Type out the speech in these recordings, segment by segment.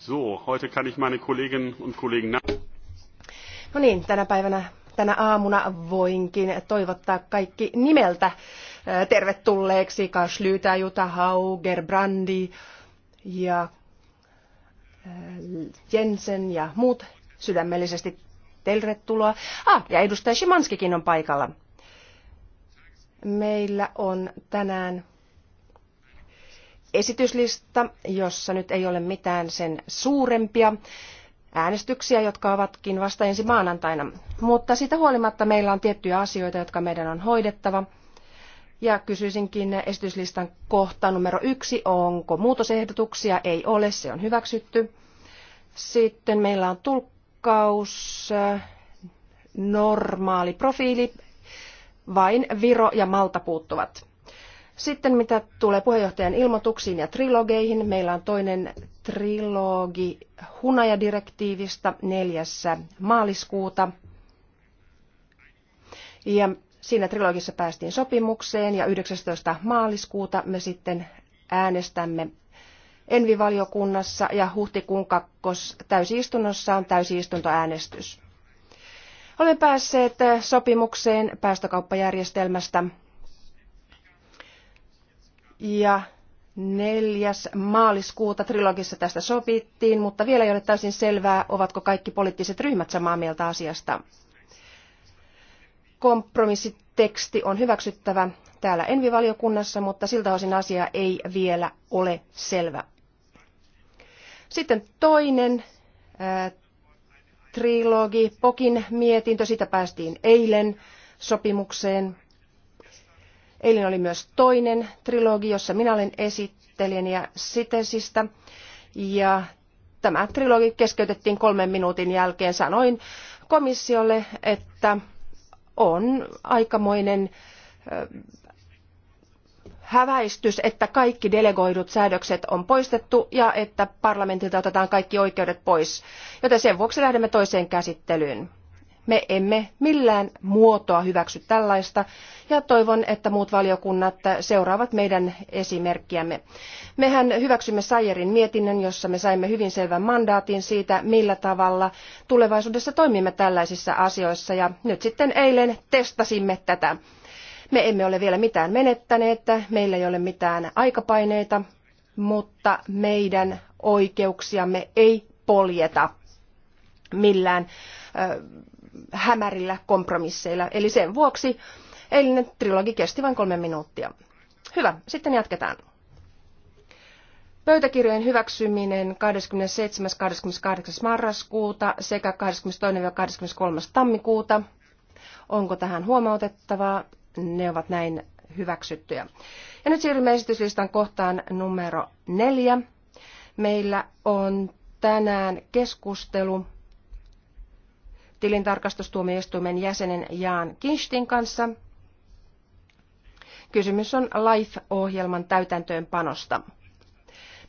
So, heute kann ich meine Kolleginnen und Kollegen No niin, tänä päivänä, tänä aamuna voinkin toivottaa kaikki nimeltä tervetulleeksi. Karl Schlüter, Jutta Hauger, Brandi ja Jensen ja muut sydämellisesti tervetuloa. Ah, ja edustaja Shimanskikin on paikalla. Meillä on tänään esityslista, jossa nyt ei ole mitään sen suurempia äänestyksiä, jotka ovatkin vasta ensi maanantaina. Mutta siitä huolimatta meillä on tiettyjä asioita, jotka meidän on hoidettava. Ja kysyisinkin esityslistan kohta numero yksi, onko muutosehdotuksia? Ei ole, se on hyväksytty. Sitten meillä on tulkkaus, normaali profiili, vain Viro ja Malta puuttuvat. Sitten mitä tulee puheenjohtajan ilmoituksiin ja trilogeihin, meillä on toinen trilogi hunajadirektiivistä neljässä maaliskuuta. Ja siinä trilogissa päästiin sopimukseen ja 19. maaliskuuta me sitten äänestämme Envivaliokunnassa ja huhtikuun kakkos täysistunnossa on täysistuntoäänestys. Olemme päässeet sopimukseen päästökauppajärjestelmästä ja 4. maaliskuuta trilogissa tästä sopittiin, mutta vielä ei ole täysin selvää, ovatko kaikki poliittiset ryhmät samaa mieltä asiasta. Kompromissiteksti on hyväksyttävä täällä Envivaliokunnassa, mutta siltä osin asia ei vielä ole selvä. Sitten toinen ää, äh, trilogi, Pokin mietintö, sitä päästiin eilen sopimukseen. Eilen oli myös toinen trilogi, jossa minä olen esittelijänä Sitesistä. Ja tämä trilogi keskeytettiin kolmen minuutin jälkeen. Sanoin komissiolle, että on aikamoinen häväistys, että kaikki delegoidut säädökset on poistettu ja että parlamentilta otetaan kaikki oikeudet pois. Joten sen vuoksi lähdemme toiseen käsittelyyn. Me emme millään muotoa hyväksy tällaista ja toivon, että muut valiokunnat seuraavat meidän esimerkkiämme. Mehän hyväksymme Sayerin mietinnön, jossa me saimme hyvin selvän mandaatin siitä, millä tavalla tulevaisuudessa toimimme tällaisissa asioissa ja nyt sitten eilen testasimme tätä. Me emme ole vielä mitään menettäneet, meillä ei ole mitään aikapaineita, mutta meidän oikeuksiamme ei poljeta millään hämärillä kompromisseilla. Eli sen vuoksi eilinen trilogi kesti vain kolme minuuttia. Hyvä, sitten jatketaan. Pöytäkirjojen hyväksyminen 27. 28. marraskuuta sekä 22. ja 23. tammikuuta. Onko tähän huomautettavaa? Ne ovat näin hyväksyttyjä. Ja nyt siirrymme esityslistan kohtaan numero neljä. Meillä on tänään keskustelu tilintarkastustuomioistuimen jäsenen Jaan Kinstin kanssa. Kysymys on LIFE-ohjelman täytäntöönpanosta.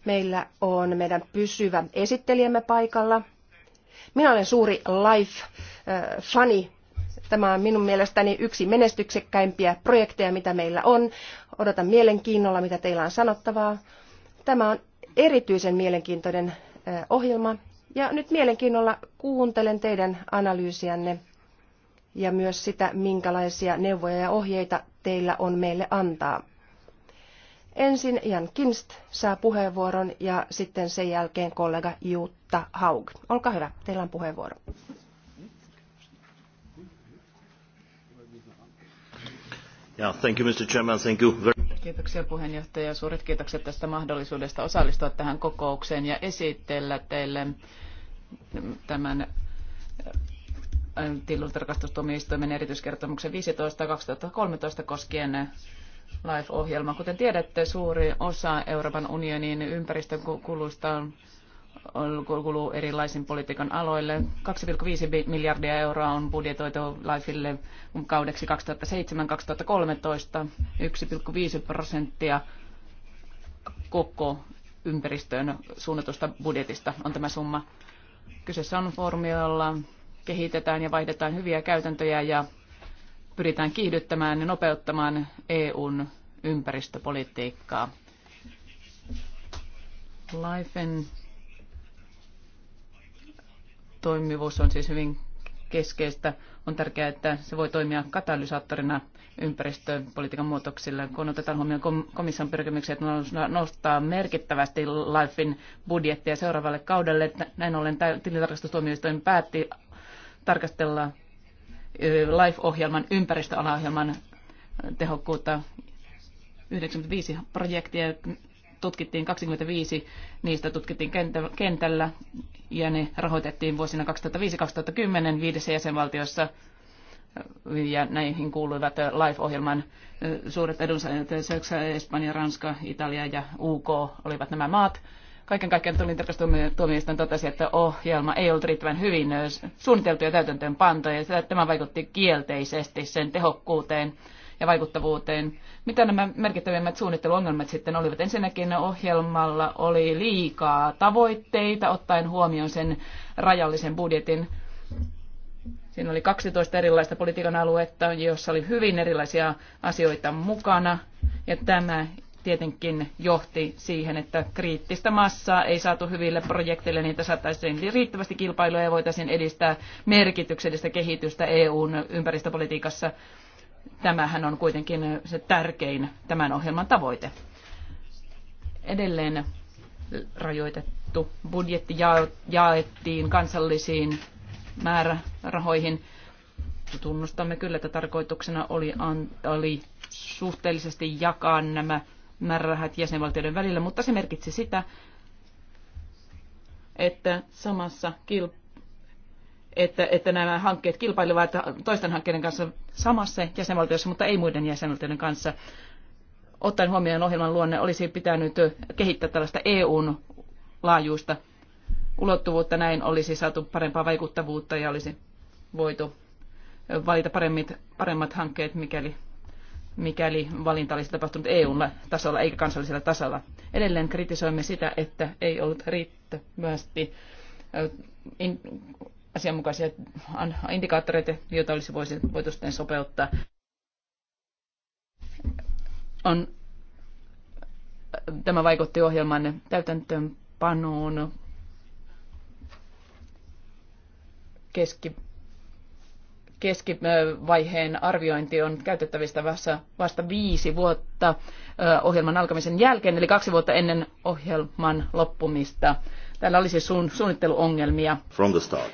Meillä on meidän pysyvä esittelijämme paikalla. Minä olen suuri LIFE-fani. Tämä on minun mielestäni yksi menestyksekkäimpiä projekteja, mitä meillä on. Odotan mielenkiinnolla, mitä teillä on sanottavaa. Tämä on erityisen mielenkiintoinen ohjelma ja nyt mielenkiinnolla kuuntelen teidän analyysianne ja myös sitä, minkälaisia neuvoja ja ohjeita teillä on meille antaa. Ensin Jan Kinst saa puheenvuoron ja sitten sen jälkeen kollega Jutta Haug. Olkaa hyvä, teillä on puheenvuoro. Yeah, thank you, Mr. Chairman. Thank you very Kiitoksia puheenjohtaja. Suuret kiitokset tästä mahdollisuudesta osallistua tähän kokoukseen ja esitellä teille tämän äh, tilintarkastustuomioistuimen erityiskertomuksen 15-2013 koskien LIFE-ohjelma. Kuten tiedätte, suuri osa Euroopan unionin ympäristökulusta on kuluu erilaisiin politiikan aloille. 2,5 miljardia euroa on budjetoitu Lifeille kaudeksi 2007-2013, 1,5 prosenttia koko ympäristöön suunnatusta budjetista on tämä summa. Kyseessä on foorumi, jolla kehitetään ja vaihdetaan hyviä käytäntöjä ja pyritään kiihdyttämään ja nopeuttamaan EUn ympäristöpolitiikkaa. Lifen toimivuus on siis hyvin keskeistä. On tärkeää, että se voi toimia katalysaattorina ympäristöpolitiikan muutoksille. Kun otetaan huomioon komission että nostaa merkittävästi LIFEin budjettia seuraavalle kaudelle, näin ollen tilintarkastustuomioistuin päätti tarkastella LIFE-ohjelman, ympäristöalaohjelman tehokkuutta 95 projektia tutkittiin 25, niistä tutkittiin kentällä ja ne rahoitettiin vuosina 2005-2010 viidessä jäsenvaltiossa ja näihin kuuluivat LIFE-ohjelman suuret edunsaajat, Saksa, Espanja, Ranska, Italia ja UK olivat nämä maat. Kaiken kaikkiaan tuomioistuin totesi, että ohjelma ei ollut riittävän hyvin suunniteltu ja täytäntöön pantoja. tämä vaikutti kielteisesti sen tehokkuuteen ja vaikuttavuuteen. Mitä nämä merkittävimmät suunnitteluongelmat sitten olivat? Ensinnäkin ohjelmalla oli liikaa tavoitteita, ottaen huomioon sen rajallisen budjetin. Siinä oli 12 erilaista politiikan aluetta, jossa oli hyvin erilaisia asioita mukana. Ja tämä tietenkin johti siihen, että kriittistä massaa ei saatu hyville projekteille, niitä saataisiin riittävästi kilpailua ja voitaisiin edistää merkityksellistä kehitystä EUn ympäristöpolitiikassa. Tämähän on kuitenkin se tärkein tämän ohjelman tavoite. Edelleen rajoitettu budjetti jaettiin kansallisiin määrärahoihin. Tunnustamme kyllä, että tarkoituksena oli, oli suhteellisesti jakaa nämä määrärahat jäsenvaltioiden välillä, mutta se merkitsi sitä, että samassa kilpailussa että, että nämä hankkeet kilpailevat toisten hankkeiden kanssa samassa jäsenvaltiossa, mutta ei muiden jäsenvaltioiden kanssa. Ottaen huomioon ohjelman luonne olisi pitänyt kehittää tällaista EUn laajuista ulottuvuutta. Näin olisi saatu parempaa vaikuttavuutta ja olisi voitu valita paremmit, paremmat hankkeet, mikäli, mikäli valinta olisi tapahtunut EU-tasolla eikä kansallisella tasolla. Edelleen kritisoimme sitä, että ei ollut riittävästi asianmukaisia indikaattoreita, joita olisi voitu sitten sopeuttaa. On, tämä vaikutti ohjelman täytäntöönpanoon keski, keskivaiheen arviointi on käytettävistä vasta, vasta viisi vuotta ohjelman alkamisen jälkeen, eli kaksi vuotta ennen ohjelman loppumista. Täällä olisi siis suunnitteluongelmia. From the start.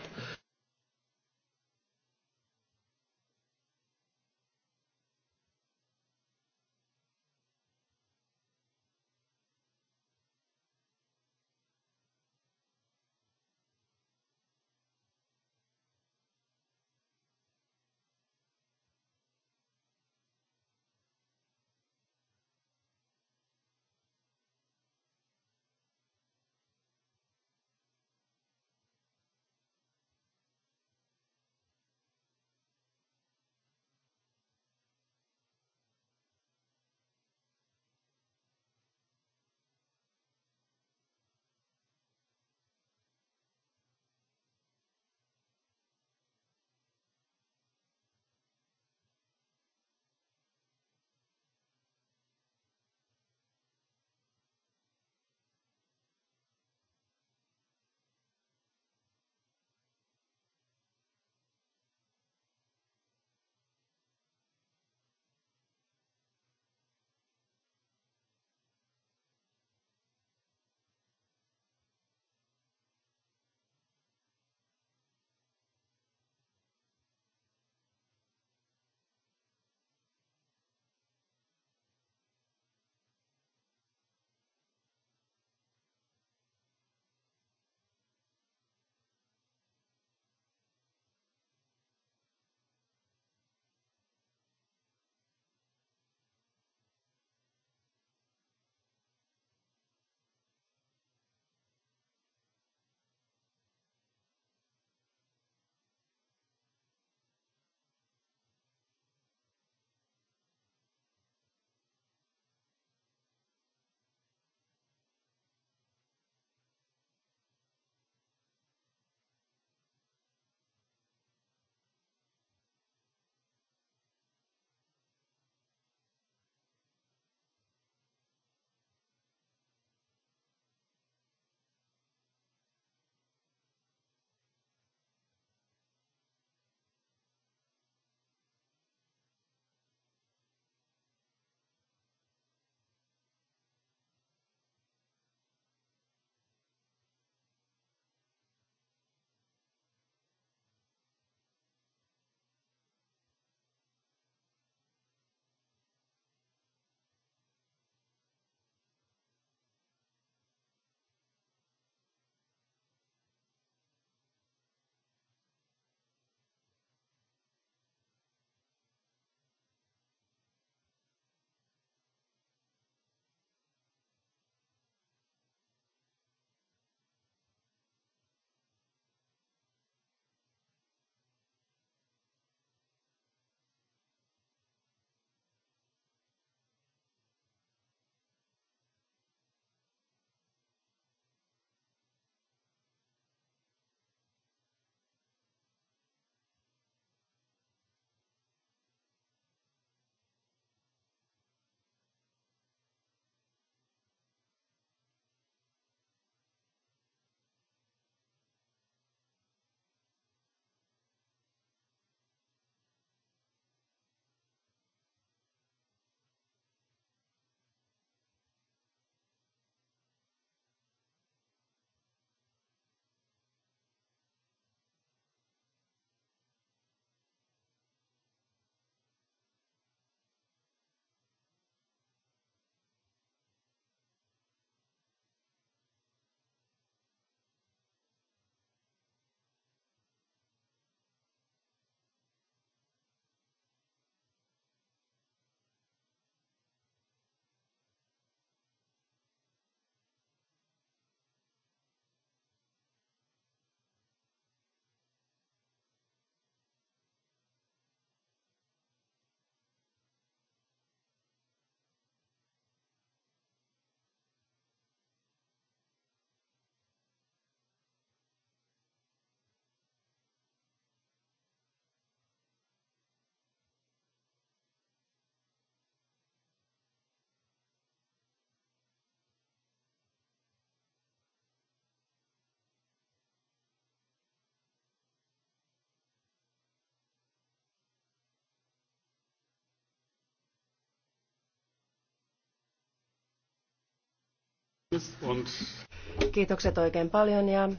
Kiitokset oikein paljon ja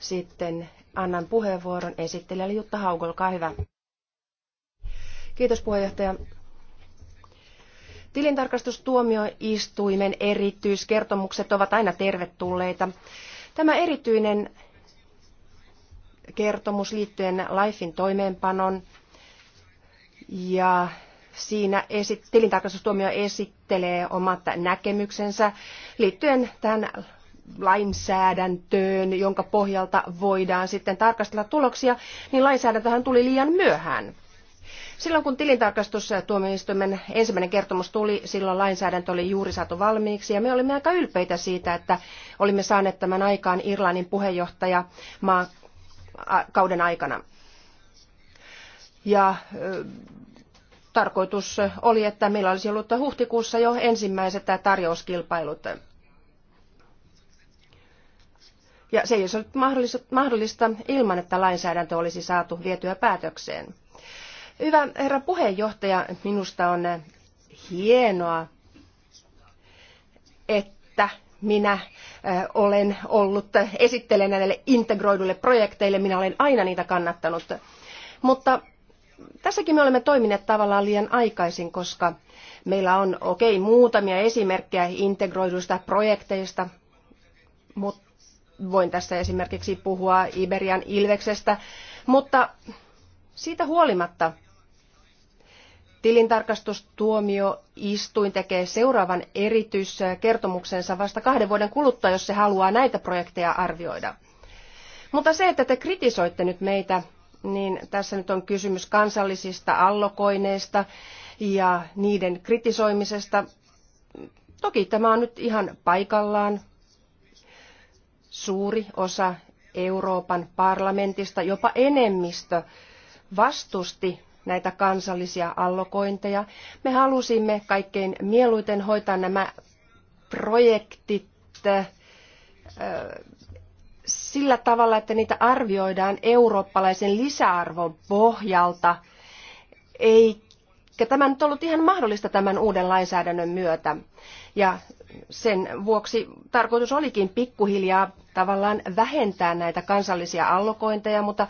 sitten annan puheenvuoron esittelijälle Jutta Hauko, olkaa hyvä. Kiitos puheenjohtaja. Tilintarkastustuomioistuimen erityiskertomukset ovat aina tervetulleita. Tämä erityinen kertomus liittyen LIFEin toimeenpanon ja Siinä esit, tilintarkastustuomio esittelee omat näkemyksensä liittyen tähän lainsäädäntöön, jonka pohjalta voidaan sitten tarkastella tuloksia, niin lainsäädäntöhän tuli liian myöhään. Silloin kun tilintarkastustuomioistuimen ensimmäinen kertomus tuli, silloin lainsäädäntö oli juuri saatu valmiiksi ja me olimme aika ylpeitä siitä, että olimme saaneet tämän aikaan Irlannin puheenjohtaja kauden aikana. Ja tarkoitus oli, että meillä olisi ollut huhtikuussa jo ensimmäiset tarjouskilpailut. Ja se ei olisi ollut mahdollista ilman, että lainsäädäntö olisi saatu vietyä päätökseen. Hyvä herra puheenjohtaja, minusta on hienoa, että minä olen ollut esittelijänä näille integroiduille projekteille, minä olen aina niitä kannattanut. Mutta tässäkin me olemme toimineet tavallaan liian aikaisin, koska meillä on, okei, okay, muutamia esimerkkejä integroiduista projekteista, mutta voin tässä esimerkiksi puhua Iberian Ilveksestä, mutta siitä huolimatta tilintarkastustuomioistuin tekee seuraavan erityiskertomuksensa vasta kahden vuoden kuluttua, jos se haluaa näitä projekteja arvioida. Mutta se, että te kritisoitte nyt meitä niin tässä nyt on kysymys kansallisista allokoineista ja niiden kritisoimisesta. Toki tämä on nyt ihan paikallaan. Suuri osa Euroopan parlamentista, jopa enemmistö, vastusti näitä kansallisia allokointeja. Me halusimme kaikkein mieluiten hoitaa nämä projektit sillä tavalla, että niitä arvioidaan eurooppalaisen lisäarvon pohjalta, eikä tämä nyt ollut ihan mahdollista tämän uuden lainsäädännön myötä. Ja sen vuoksi tarkoitus olikin pikkuhiljaa tavallaan vähentää näitä kansallisia allokointeja, mutta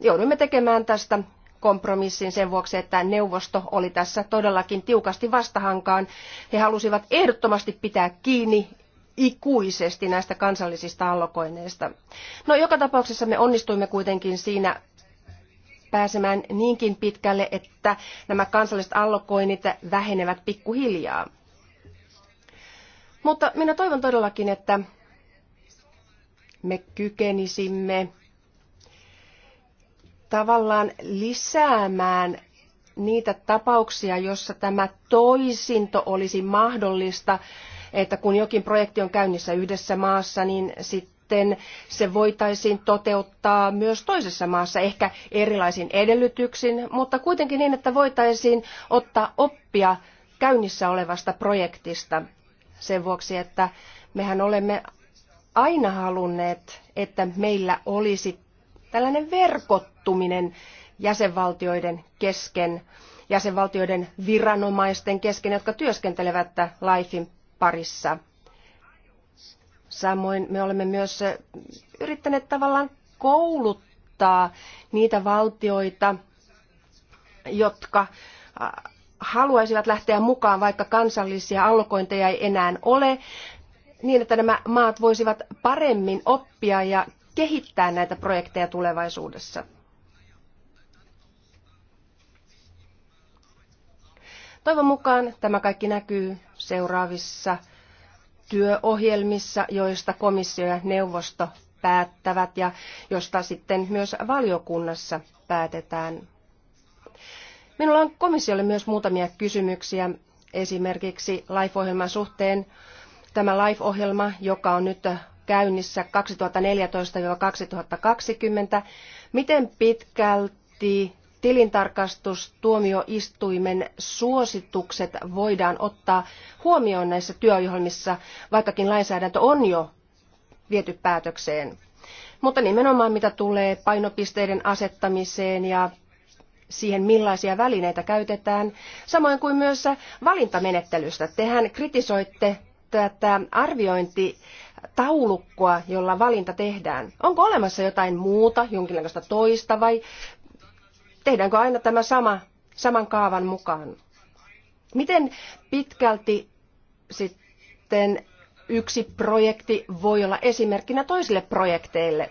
joudumme tekemään tästä kompromissin sen vuoksi, että neuvosto oli tässä todellakin tiukasti vastahankaan. He halusivat ehdottomasti pitää kiinni ikuisesti näistä kansallisista allokoinneista. No joka tapauksessa me onnistuimme kuitenkin siinä pääsemään niinkin pitkälle, että nämä kansalliset allokoinnit vähenevät pikkuhiljaa. Mutta minä toivon todellakin, että me kykenisimme tavallaan lisäämään niitä tapauksia, jossa tämä toisinto olisi mahdollista että kun jokin projekti on käynnissä yhdessä maassa, niin sitten se voitaisiin toteuttaa myös toisessa maassa, ehkä erilaisin edellytyksin, mutta kuitenkin niin, että voitaisiin ottaa oppia käynnissä olevasta projektista sen vuoksi, että mehän olemme aina halunneet, että meillä olisi tällainen verkottuminen jäsenvaltioiden kesken, jäsenvaltioiden viranomaisten kesken, jotka työskentelevät LIFEin parissa. Samoin me olemme myös eh, yrittäneet tavallaan kouluttaa niitä valtioita, jotka haluaisivat lähteä mukaan, vaikka kansallisia allokointeja ei enää ole, niin että nämä maat voisivat paremmin oppia ja kehittää näitä projekteja tulevaisuudessa. Toivon mukaan tämä kaikki näkyy seuraavissa työohjelmissa, joista komissio ja neuvosto päättävät ja josta sitten myös valiokunnassa päätetään. Minulla on komissiolle myös muutamia kysymyksiä esimerkiksi LIFE-ohjelman suhteen. Tämä LIFE-ohjelma, joka on nyt käynnissä 2014-2020, miten pitkälti tilintarkastustuomioistuimen suositukset voidaan ottaa huomioon näissä työohjelmissa, vaikkakin lainsäädäntö on jo viety päätökseen. Mutta nimenomaan mitä tulee painopisteiden asettamiseen ja siihen, millaisia välineitä käytetään, samoin kuin myös valintamenettelystä. Tehän kritisoitte tätä arviointitaulukkoa, jolla valinta tehdään. Onko olemassa jotain muuta, jonkinlaista toista vai Tehdäänkö aina tämä sama, saman kaavan mukaan? Miten pitkälti sitten yksi projekti voi olla esimerkkinä toisille projekteille?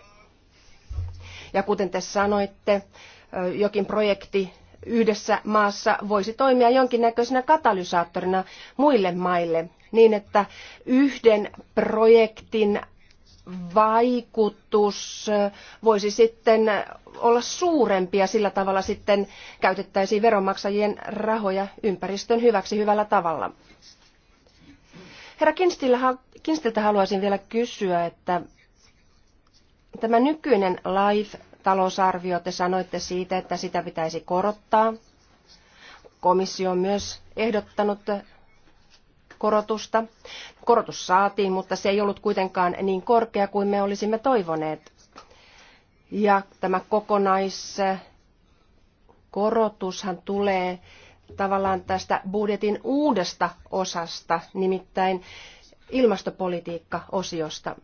Ja kuten te sanoitte, jokin projekti yhdessä maassa voisi toimia jonkinnäköisenä katalysaattorina muille maille niin, että yhden projektin vaikutus voisi sitten olla suurempi ja sillä tavalla sitten käytettäisiin veronmaksajien rahoja ympäristön hyväksi hyvällä tavalla. Herra Kinstiltä haluaisin vielä kysyä, että tämä nykyinen LIFE-talousarvio, te sanoitte siitä, että sitä pitäisi korottaa. Komissio on myös ehdottanut korotusta. Korotus saatiin, mutta se ei ollut kuitenkaan niin korkea kuin me olisimme toivoneet. Ja tämä kokonaiskorotushan tulee tavallaan tästä budjetin uudesta osasta, nimittäin ilmastopolitiikka-osiosta.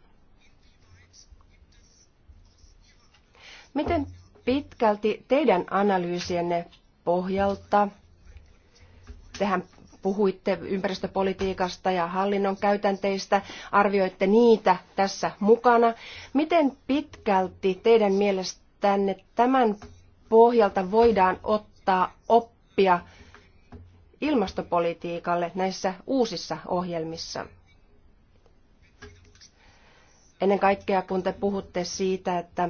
Miten pitkälti teidän analyysienne pohjalta, tehän puhuitte ympäristöpolitiikasta ja hallinnon käytänteistä, arvioitte niitä tässä mukana. Miten pitkälti teidän mielestänne tämän pohjalta voidaan ottaa oppia ilmastopolitiikalle näissä uusissa ohjelmissa? Ennen kaikkea kun te puhutte siitä, että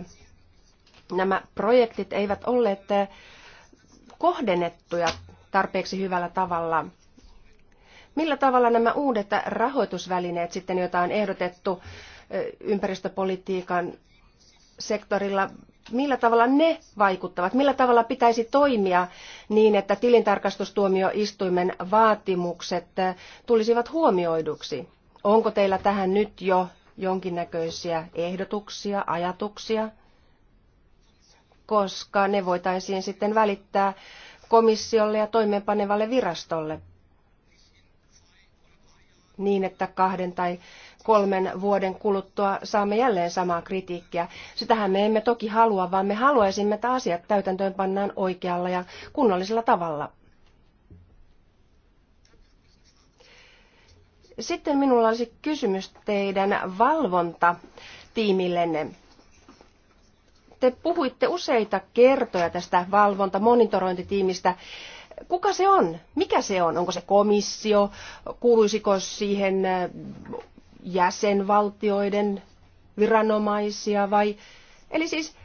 nämä projektit eivät olleet eh, kohdennettuja tarpeeksi hyvällä tavalla. Millä tavalla nämä uudet rahoitusvälineet sitten, joita on ehdotettu ympäristöpolitiikan sektorilla, millä tavalla ne vaikuttavat? Millä tavalla pitäisi toimia niin, että tilintarkastustuomioistuimen vaatimukset tulisivat huomioiduksi? Onko teillä tähän nyt jo jonkinnäköisiä ehdotuksia, ajatuksia? Koska ne voitaisiin sitten välittää komissiolle ja toimeenpanevalle virastolle niin, että kahden tai kolmen vuoden kuluttua saamme jälleen samaa kritiikkiä. Sitähän me emme toki halua, vaan me haluaisimme, että asiat täytäntöön pannaan oikealla ja kunnollisella tavalla. Sitten minulla olisi kysymys teidän valvontatiimillenne. Te puhuitte useita kertoja tästä valvonta-monitorointitiimistä kuka se on? Mikä se on? Onko se komissio? Kuuluisiko siihen äh, jäsenvaltioiden viranomaisia vai? Eli siis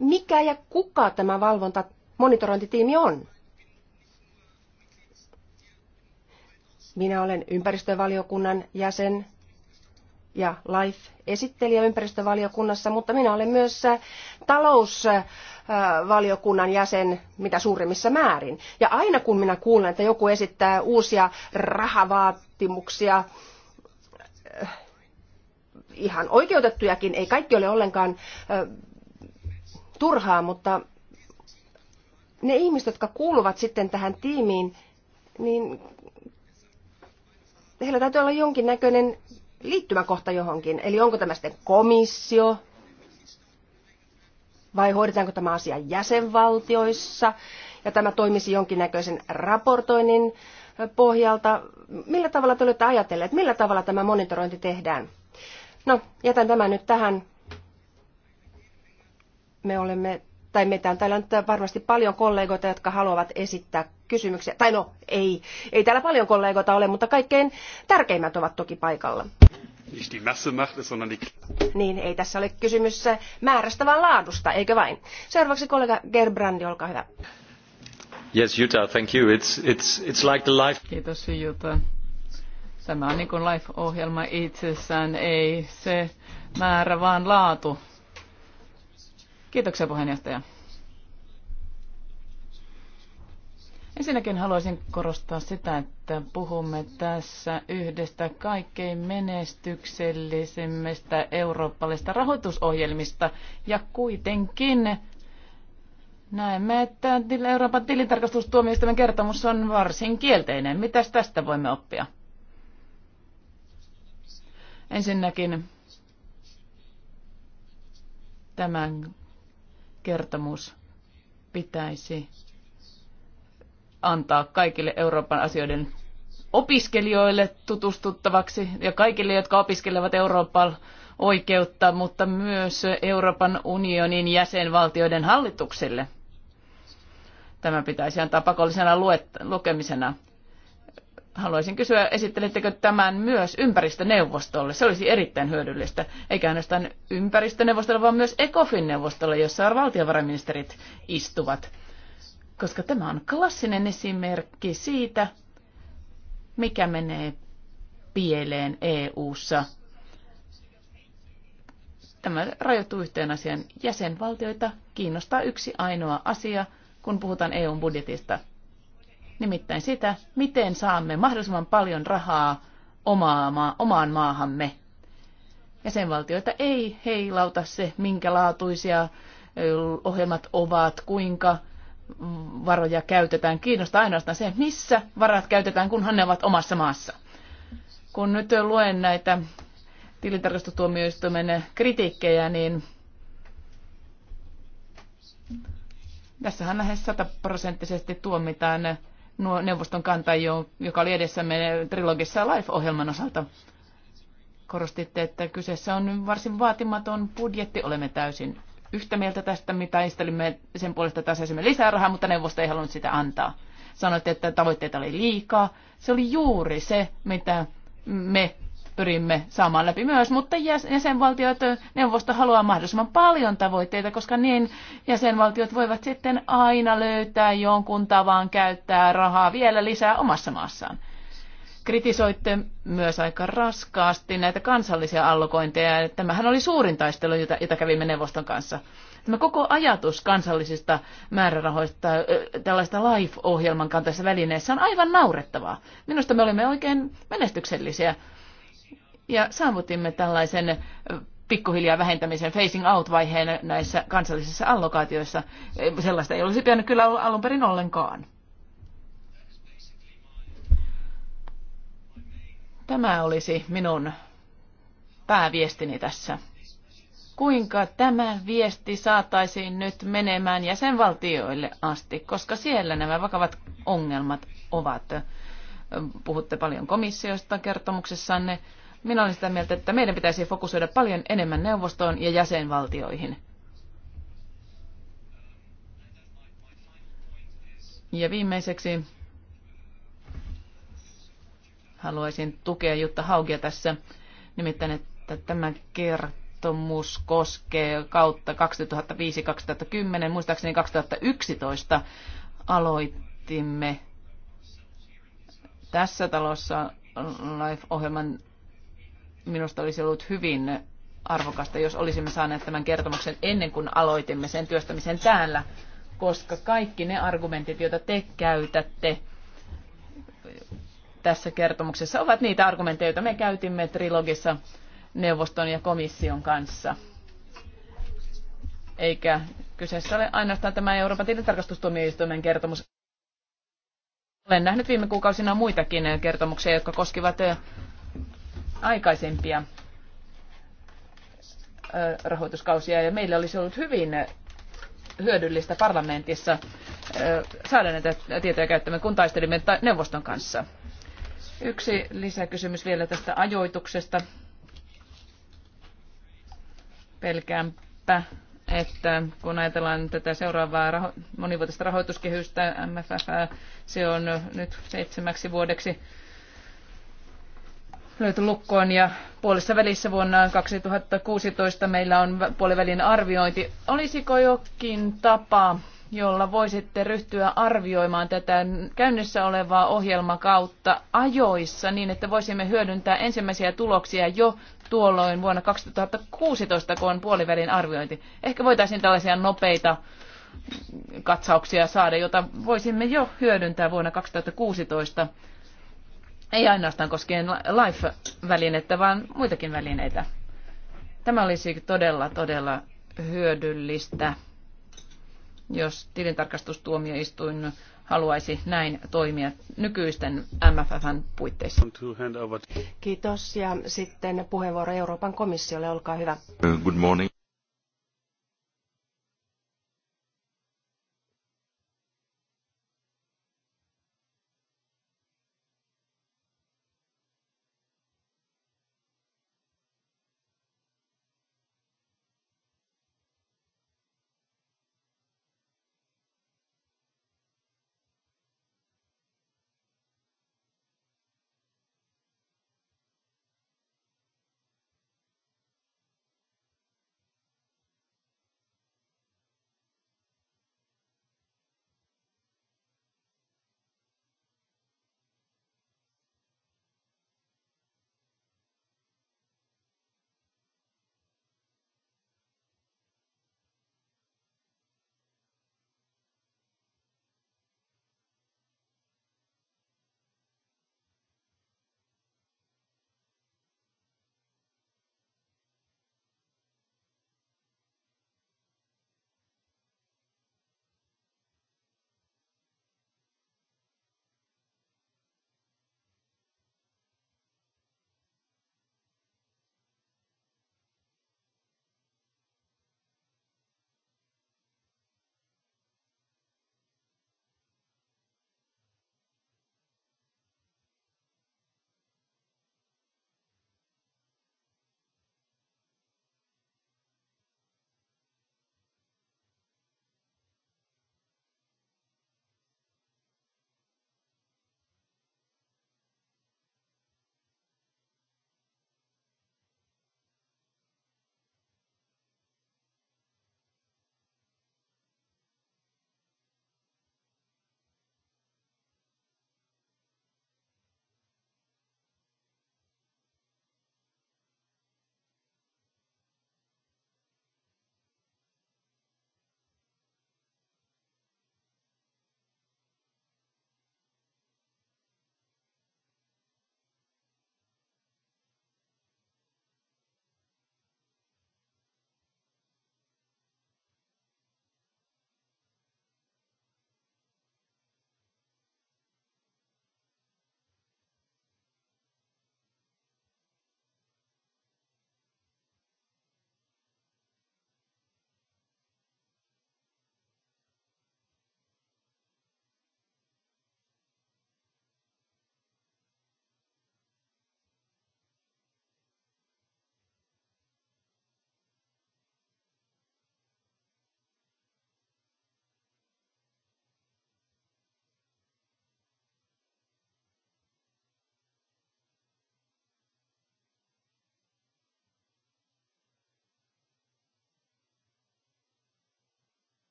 mikä ja kuka tämä valvonta monitorointitiimi on? Minä olen ympäristövaliokunnan jäsen ja Life esittelijä ympäristövaliokunnassa, mutta minä olen myös äh, talousvaliokunnan äh, jäsen mitä suurimmissa määrin. Ja aina kun minä kuulen, että joku esittää uusia rahavaatimuksia, äh, ihan oikeutettujakin, ei kaikki ole ollenkaan turhaa, mutta ne ihmiset, jotka kuuluvat sitten tähän tiimiin, niin heillä täytyy olla jonkinnäköinen liittymäkohta johonkin. Eli onko tämä sitten komissio vai hoidetaanko tämä asia jäsenvaltioissa ja tämä toimisi jonkinnäköisen raportoinnin pohjalta. Millä tavalla te olette ajatelleet, millä tavalla tämä monitorointi tehdään? No, jätän tämän nyt tähän. Me olemme tai meitä on täällä nyt varmasti paljon kollegoita, jotka haluavat esittää kysymyksiä. Tai no, ei, ei täällä paljon kollegoita ole, mutta kaikkein tärkeimmät ovat toki paikalla. Niin, ei tässä ole kysymys määrästä, vaan laadusta, eikö vain? Seuraavaksi kollega Gerbrandi, olkaa hyvä. Yes, Jutta, thank you. It's, it's, it's like the life... Kiitos, Jutta. Tämä on niin kuin life-ohjelma itsessään, ei se määrä, vaan laatu. Kiitoksia puheenjohtaja. Ensinnäkin haluaisin korostaa sitä, että puhumme tässä yhdestä kaikkein menestyksellisimmistä eurooppalaisista rahoitusohjelmista. Ja kuitenkin näemme, että Euroopan tilintarkastustuomioistuimen kertomus on varsin kielteinen. Mitäs tästä voimme oppia? Ensinnäkin tämän kertomus pitäisi antaa kaikille Euroopan asioiden opiskelijoille tutustuttavaksi ja kaikille, jotka opiskelevat Euroopan oikeutta, mutta myös Euroopan unionin jäsenvaltioiden hallituksille. Tämä pitäisi antaa pakollisena luet, lukemisena. Haluaisin kysyä, esittelittekö tämän myös ympäristöneuvostolle? Se olisi erittäin hyödyllistä, eikä ainoastaan ympäristöneuvostolle, vaan myös ECOFIN-neuvostolle, jossa valtiovarainministerit istuvat. Koska tämä on klassinen esimerkki siitä, mikä menee pieleen EU-ssa. Tämä rajoittuu yhteen asian. Jäsenvaltioita kiinnostaa yksi ainoa asia, kun puhutaan EUn budjetista – nimittäin sitä, miten saamme mahdollisimman paljon rahaa omaa, omaan maahamme. Jäsenvaltioita ei heilauta se, minkä laatuisia ohjelmat ovat, kuinka varoja käytetään. Kiinnostaa ainoastaan se, missä varat käytetään, kunhan ne ovat omassa maassa. Kun nyt luen näitä tilintarkastustuomioistuimen kritiikkejä, niin tässähän lähes sataprosenttisesti tuomitaan nuo neuvoston kantajia, joka oli meidän trilogissa Life-ohjelman osalta. Korostitte, että kyseessä on varsin vaatimaton budjetti. Olemme täysin yhtä mieltä tästä, me istelimme sen puolesta, että saisimme lisää rahaa, mutta neuvosto ei halunnut sitä antaa. Sanoitte, että tavoitteita oli liikaa. Se oli juuri se, mitä me pyrimme saamaan läpi myös, mutta jäsenvaltiot, neuvosto haluaa mahdollisimman paljon tavoitteita, koska niin jäsenvaltiot voivat sitten aina löytää jonkun tavan käyttää rahaa vielä lisää omassa maassaan. Kritisoitte myös aika raskaasti näitä kansallisia allokointeja. Tämähän oli suurin taistelu, jota, jota kävimme neuvoston kanssa. Tämä koko ajatus kansallisista määrärahoista tällaista LIFE-ohjelman kantaisessa välineessä on aivan naurettavaa. Minusta me olimme oikein menestyksellisiä ja saavutimme tällaisen pikkuhiljaa vähentämisen facing out-vaiheen näissä kansallisissa allokaatioissa. Sellaista ei olisi pitänyt kyllä alun perin ollenkaan. Tämä olisi minun pääviestini tässä. Kuinka tämä viesti saataisiin nyt menemään jäsenvaltioille asti, koska siellä nämä vakavat ongelmat ovat. Puhutte paljon komissiosta kertomuksessanne minä olen sitä mieltä, että meidän pitäisi fokusoida paljon enemmän neuvostoon ja jäsenvaltioihin. Ja viimeiseksi haluaisin tukea Jutta Haugia tässä, nimittäin että tämä kertomus koskee kautta 2005-2010, muistaakseni 2011 aloitimme tässä talossa Life-ohjelman minusta olisi ollut hyvin arvokasta, jos olisimme saaneet tämän kertomuksen ennen kuin aloitimme sen työstämisen täällä, koska kaikki ne argumentit, joita te käytätte tässä kertomuksessa, ovat niitä argumentteja, joita me käytimme trilogissa neuvoston ja komission kanssa. Eikä kyseessä ole ainoastaan tämä Euroopan tilintarkastustuomioistuimen kertomus. Olen nähnyt viime kuukausina muitakin kertomuksia, jotka koskivat aikaisempia rahoituskausia ja meillä olisi ollut hyvin hyödyllistä parlamentissa saada näitä tietoja käyttämään, kun taistelimme neuvoston kanssa. Yksi lisäkysymys vielä tästä ajoituksesta. Pelkäänpä, että kun ajatellaan tätä seuraavaa raho- monivuotista rahoituskehystä, MFF, se on nyt seitsemäksi vuodeksi löyty lukkoon ja puolessa välissä vuonna 2016 meillä on puolivälin arviointi. Olisiko jokin tapa, jolla voisitte ryhtyä arvioimaan tätä käynnissä olevaa ohjelmakautta ajoissa niin, että voisimme hyödyntää ensimmäisiä tuloksia jo tuolloin vuonna 2016, kun on puolivälin arviointi. Ehkä voitaisiin tällaisia nopeita katsauksia saada, jota voisimme jo hyödyntää vuonna 2016 ei ainoastaan koskien LIFE-välinettä, vaan muitakin välineitä. Tämä olisi todella, todella hyödyllistä, jos tilintarkastustuomioistuin haluaisi näin toimia nykyisten MFFn puitteissa. Kiitos ja sitten puheenvuoro Euroopan komissiolle, olkaa hyvä. Good morning.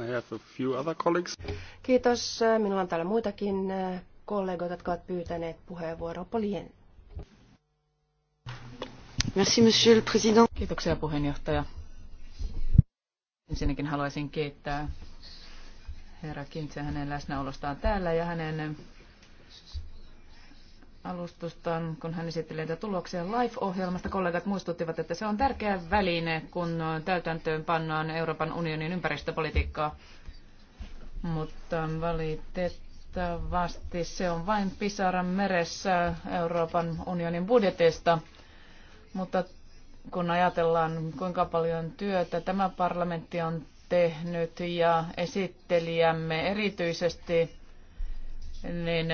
I have a few other colleagues. Kiitos. Minulla on täällä muitakin eh, kollegoita, jotka ovat pyytäneet puheenvuoroa. Polien. Merci, monsieur le président. Kiitoksia puheenjohtaja. Ensinnäkin haluaisin kiittää herra Kintse hänen läsnäolostaan täällä ja hänen alustustaan, kun hän esitteli näitä tuloksia LIFE-ohjelmasta. Kollegat muistuttivat, että se on tärkeä väline, kun täytäntöön pannaan Euroopan unionin ympäristöpolitiikkaa. Mutta valitettavasti se on vain pisaran meressä Euroopan unionin budjetista. Mutta kun ajatellaan, kuinka paljon työtä tämä parlamentti on tehnyt ja esittelijämme erityisesti, niin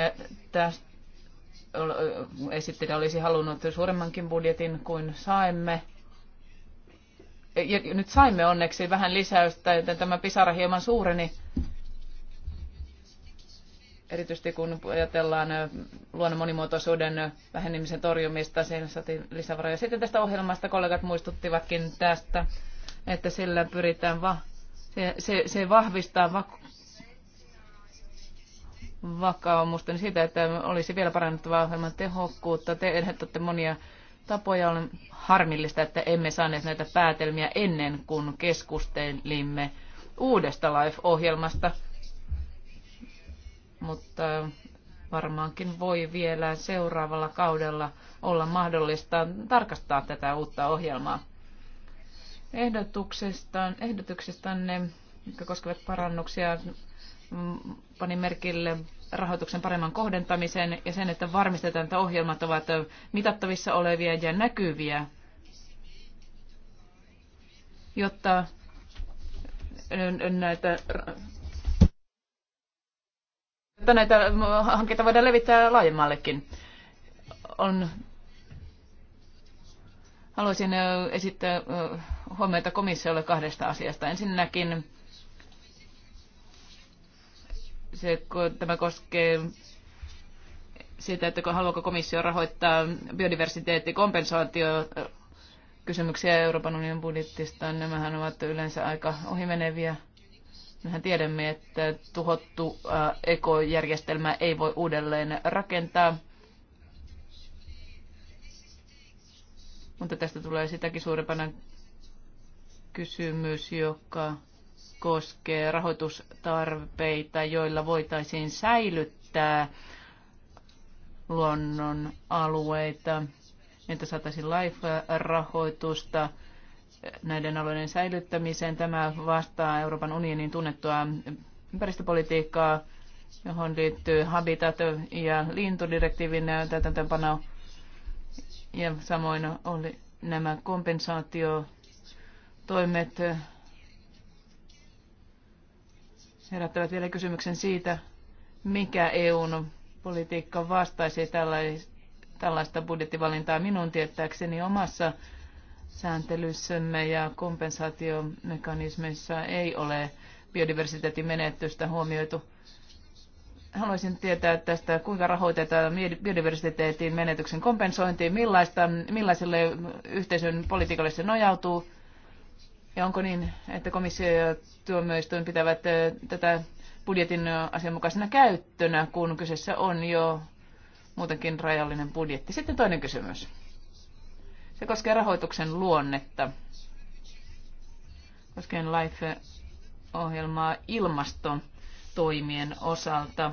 tästä esittelijä olisi halunnut suuremmankin budjetin kuin saimme. Ja nyt saimme onneksi vähän lisäystä, joten tämä pisara hieman suureni. Erityisesti kun ajatellaan luonnon monimuotoisuuden vähenemisen torjumista, siinä saatiin lisävaroja. Sitten tästä ohjelmasta kollegat muistuttivatkin tästä, että sillä pyritään va- se, se, se vahvistaa vakaumustani siitä, että olisi vielä parannettava ohjelman tehokkuutta. Te ehdotatte monia tapoja. On harmillista, että emme saaneet näitä päätelmiä ennen kuin keskustelimme uudesta Life-ohjelmasta. Mutta varmaankin voi vielä seuraavalla kaudella olla mahdollista tarkastaa tätä uutta ohjelmaa. Ehdotuksestaan, ehdotuksestanne, jotka koskevat parannuksia panin merkille rahoituksen paremman kohdentamisen ja sen, että varmistetaan, että ohjelmat ovat mitattavissa olevia ja näkyviä, jotta näitä jotta näitä hankkeita voidaan levittää laajemmallekin. On, haluaisin esittää huomiota komissiolle kahdesta asiasta. Ensinnäkin se, tämä koskee sitä, että haluaako komissio rahoittaa biodiversiteettikompensaatio kysymyksiä Euroopan unionin budjettista. Nämähän ovat yleensä aika ohimeneviä. Mehän tiedämme, että tuhottu ekojärjestelmä ei voi uudelleen rakentaa. Mutta tästä tulee sitäkin suurempana kysymys, joka koskee rahoitustarpeita, joilla voitaisiin säilyttää luonnon alueita, että saataisiin LIFE-rahoitusta näiden alueiden säilyttämiseen. Tämä vastaa Euroopan unionin tunnettua ympäristöpolitiikkaa, johon liittyy habitat- ja lintudirektiivin täytäntöönpano. Ja samoin oli nämä kompensaatiotoimet herättävät vielä kysymyksen siitä, mikä EUn politiikka vastaisi tällaista budjettivalintaa minun tietääkseni omassa sääntelyssämme ja kompensaatiomekanismeissa ei ole biodiversiteetin menetystä huomioitu. Haluaisin tietää tästä, kuinka rahoitetaan biodiversiteetin menetyksen kompensointi, millaista, millaiselle yhteisön politiikalle se nojautuu ja onko niin, että komissio ja tuomioistuin pitävät tätä budjetin asianmukaisena käyttönä, kun kyseessä on jo muutenkin rajallinen budjetti? Sitten toinen kysymys. Se koskee rahoituksen luonnetta. Koskee LIFE-ohjelmaa ilmaston toimien osalta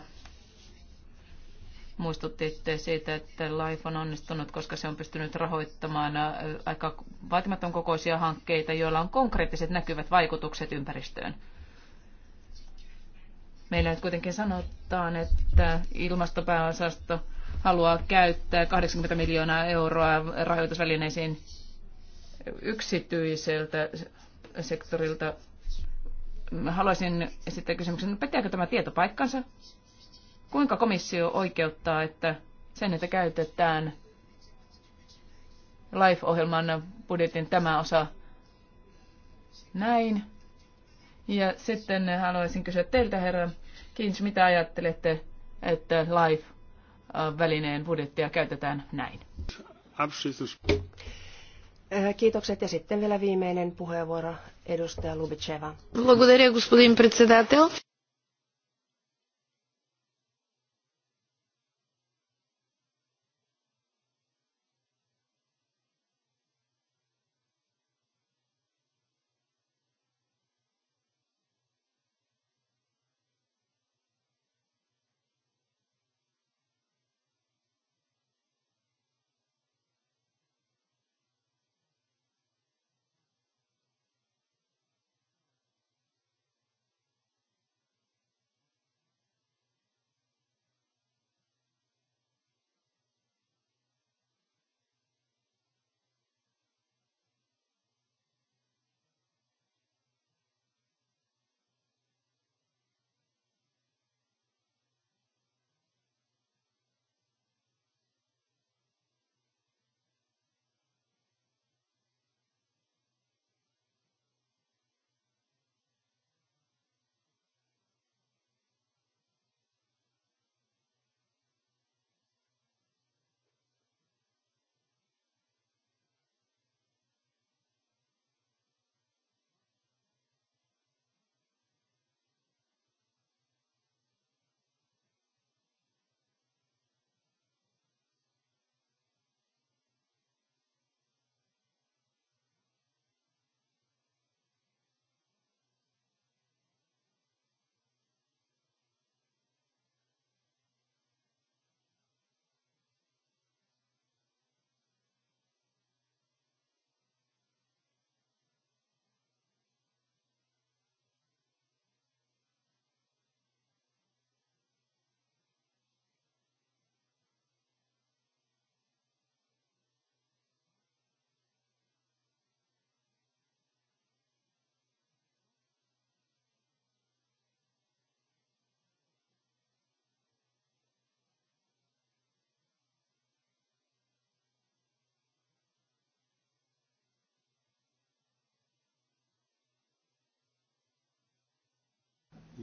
muistuttitte siitä, että Life on onnistunut, koska se on pystynyt rahoittamaan aika vaatimaton kokoisia hankkeita, joilla on konkreettiset näkyvät vaikutukset ympäristöön. Meillä nyt kuitenkin sanotaan, että ilmastopääosasto haluaa käyttää 80 miljoonaa euroa rahoitusvälineisiin yksityiseltä sektorilta. Haluaisin esittää kysymyksen, pitääkö tämä tieto paikkansa? Kuinka komissio oikeuttaa, että sen, että käytetään LIFE-ohjelman budjetin tämä osa näin? Ja sitten haluaisin kysyä teiltä, herra Kins, mitä ajattelette, että LIFE-välineen budjettia käytetään näin? Äh, kiitokset ja sitten vielä viimeinen puheenvuoro edustaja Lubitseva. Благодаря, господин председател.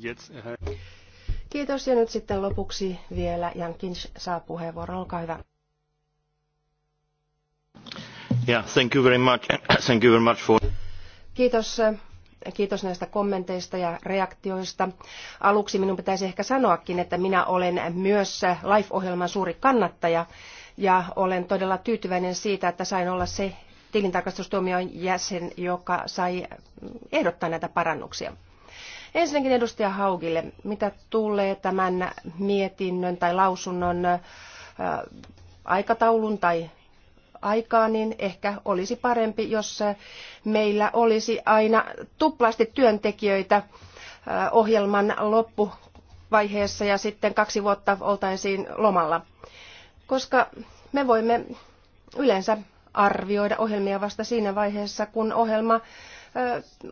Äh, kiitos ja nyt sitten lopuksi vielä Jan Kinch saa puheenvuoron. Olkaa hyvä. Yeah, thank you very much. Thank you very much for... Kiitos äh, kiitos näistä kommenteista ja reaktioista. Aluksi minun pitäisi ehkä sanoakin, että minä olen myös Life-ohjelman suuri kannattaja ja olen todella tyytyväinen siitä, että sain olla se tilintarkastustuomion jäsen, joka sai mm, ehdottaa näitä parannuksia. Ensinnäkin edustaja Haukille, mitä tulee tämän mietinnön tai lausunnon aikataulun tai aikaa, niin ehkä olisi parempi, jos meillä olisi aina tuplasti työntekijöitä ohjelman loppuvaiheessa ja sitten kaksi vuotta oltaisiin lomalla. Koska me voimme yleensä arvioida ohjelmia vasta siinä vaiheessa, kun ohjelma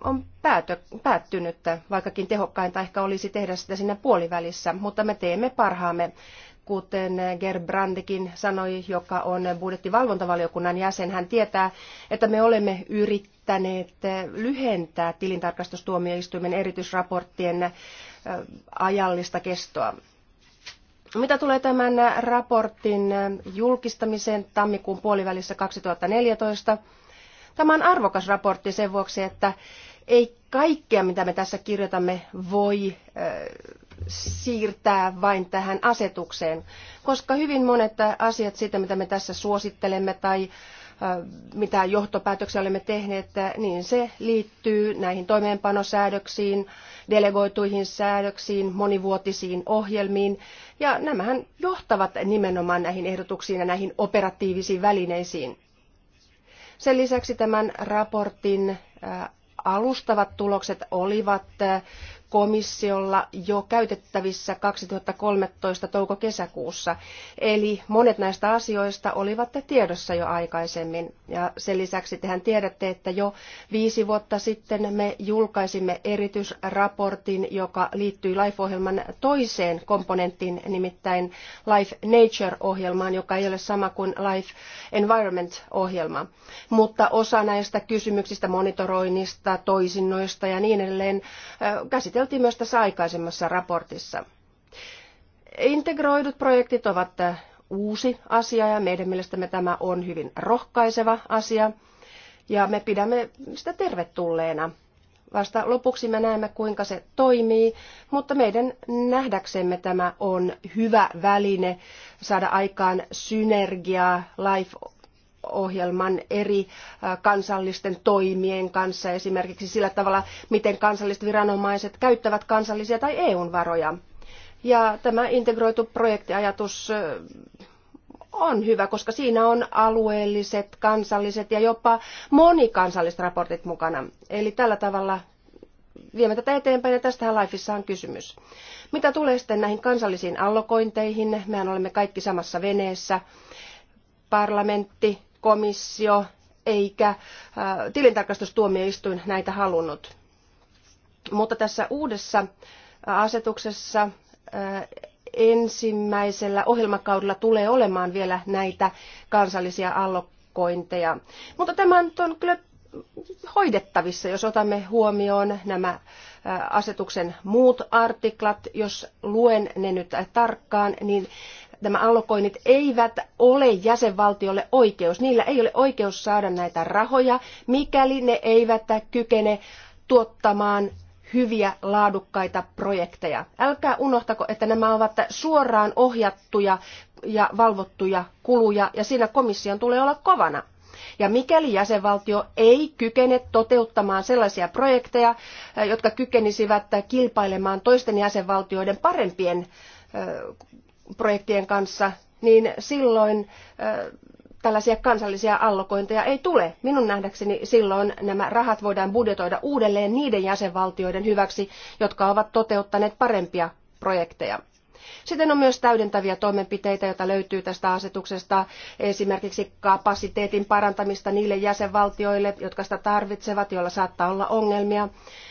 on päätö, päättynyt, vaikkakin tehokkainta ehkä olisi tehdä sitä siinä puolivälissä, mutta me teemme parhaamme kuten Gerbrandikin sanoi, joka on budjettivalvontavaliokunnan jäsen, hän tietää, että me olemme yrittäneet lyhentää tilintarkastustuomioistuimen erityisraporttien ajallista kestoa. Mitä tulee tämän raportin julkistamiseen tammikuun puolivälissä 2014, Tämä on arvokas raportti sen vuoksi, että ei kaikkea, mitä me tässä kirjoitamme, voi siirtää vain tähän asetukseen, koska hyvin monet asiat siitä, mitä me tässä suosittelemme tai mitä johtopäätöksiä olemme tehneet, niin se liittyy näihin toimeenpanosäädöksiin, delegoituihin säädöksiin, monivuotisiin ohjelmiin. Ja nämähän johtavat nimenomaan näihin ehdotuksiin ja näihin operatiivisiin välineisiin. Sen lisäksi tämän raportin alustavat tulokset olivat komissiolla jo käytettävissä 2013 touko-kesäkuussa. Eli monet näistä asioista olivat te tiedossa jo aikaisemmin. Ja sen lisäksi tehän tiedätte, että jo viisi vuotta sitten me julkaisimme erityisraportin, joka liittyy LIFE-ohjelman toiseen komponenttiin, nimittäin LIFE Nature-ohjelmaan, joka ei ole sama kuin LIFE Environment-ohjelma. Mutta osa näistä kysymyksistä, monitoroinnista, toisinnoista ja niin edelleen käsitellään käsiteltiin myös tässä aikaisemmassa raportissa. Integroidut projektit ovat äh, uusi asia ja meidän mielestämme tämä on hyvin rohkaiseva asia ja me pidämme sitä tervetulleena. Vasta lopuksi me näemme, kuinka se toimii, mutta meidän nähdäksemme tämä on hyvä väline saada aikaan synergiaa Life ohjelman eri äh, kansallisten toimien kanssa, esimerkiksi sillä tavalla, miten kansalliset viranomaiset käyttävät kansallisia tai EUn varoja. Ja tämä integroitu projektiajatus äh, on hyvä, koska siinä on alueelliset, kansalliset ja jopa monikansalliset raportit mukana. Eli tällä tavalla viemme tätä eteenpäin ja tästähän Lifeissa on kysymys. Mitä tulee sitten näihin kansallisiin allokointeihin, mehän olemme kaikki samassa veneessä. Parlamentti komissio eikä äh, tilintarkastustuomioistuin näitä halunnut. Mutta tässä uudessa äh, asetuksessa äh, ensimmäisellä ohjelmakaudella tulee olemaan vielä näitä kansallisia allokointeja. Mutta tämä on kyllä hoidettavissa, jos otamme huomioon nämä asetuksen muut artiklat. Jos luen ne nyt tarkkaan, niin nämä allokoinnit eivät ole jäsenvaltiolle oikeus. Niillä ei ole oikeus saada näitä rahoja, mikäli ne eivät kykene tuottamaan hyviä, laadukkaita projekteja. Älkää unohtako, että nämä ovat suoraan ohjattuja ja valvottuja kuluja, ja siinä komission tulee olla kovana. Ja mikäli jäsenvaltio ei kykene toteuttamaan sellaisia projekteja, jotka kykenisivät kilpailemaan toisten jäsenvaltioiden parempien projektien kanssa, niin silloin äh, tällaisia kansallisia allokointeja ei tule. Minun nähdäkseni silloin nämä rahat voidaan budjetoida uudelleen niiden jäsenvaltioiden hyväksi, jotka ovat toteuttaneet parempia projekteja. Sitten on myös täydentäviä toimenpiteitä, joita löytyy tästä asetuksesta, esimerkiksi kapasiteetin parantamista niille jäsenvaltioille, jotka sitä tarvitsevat, joilla saattaa olla ongelmia.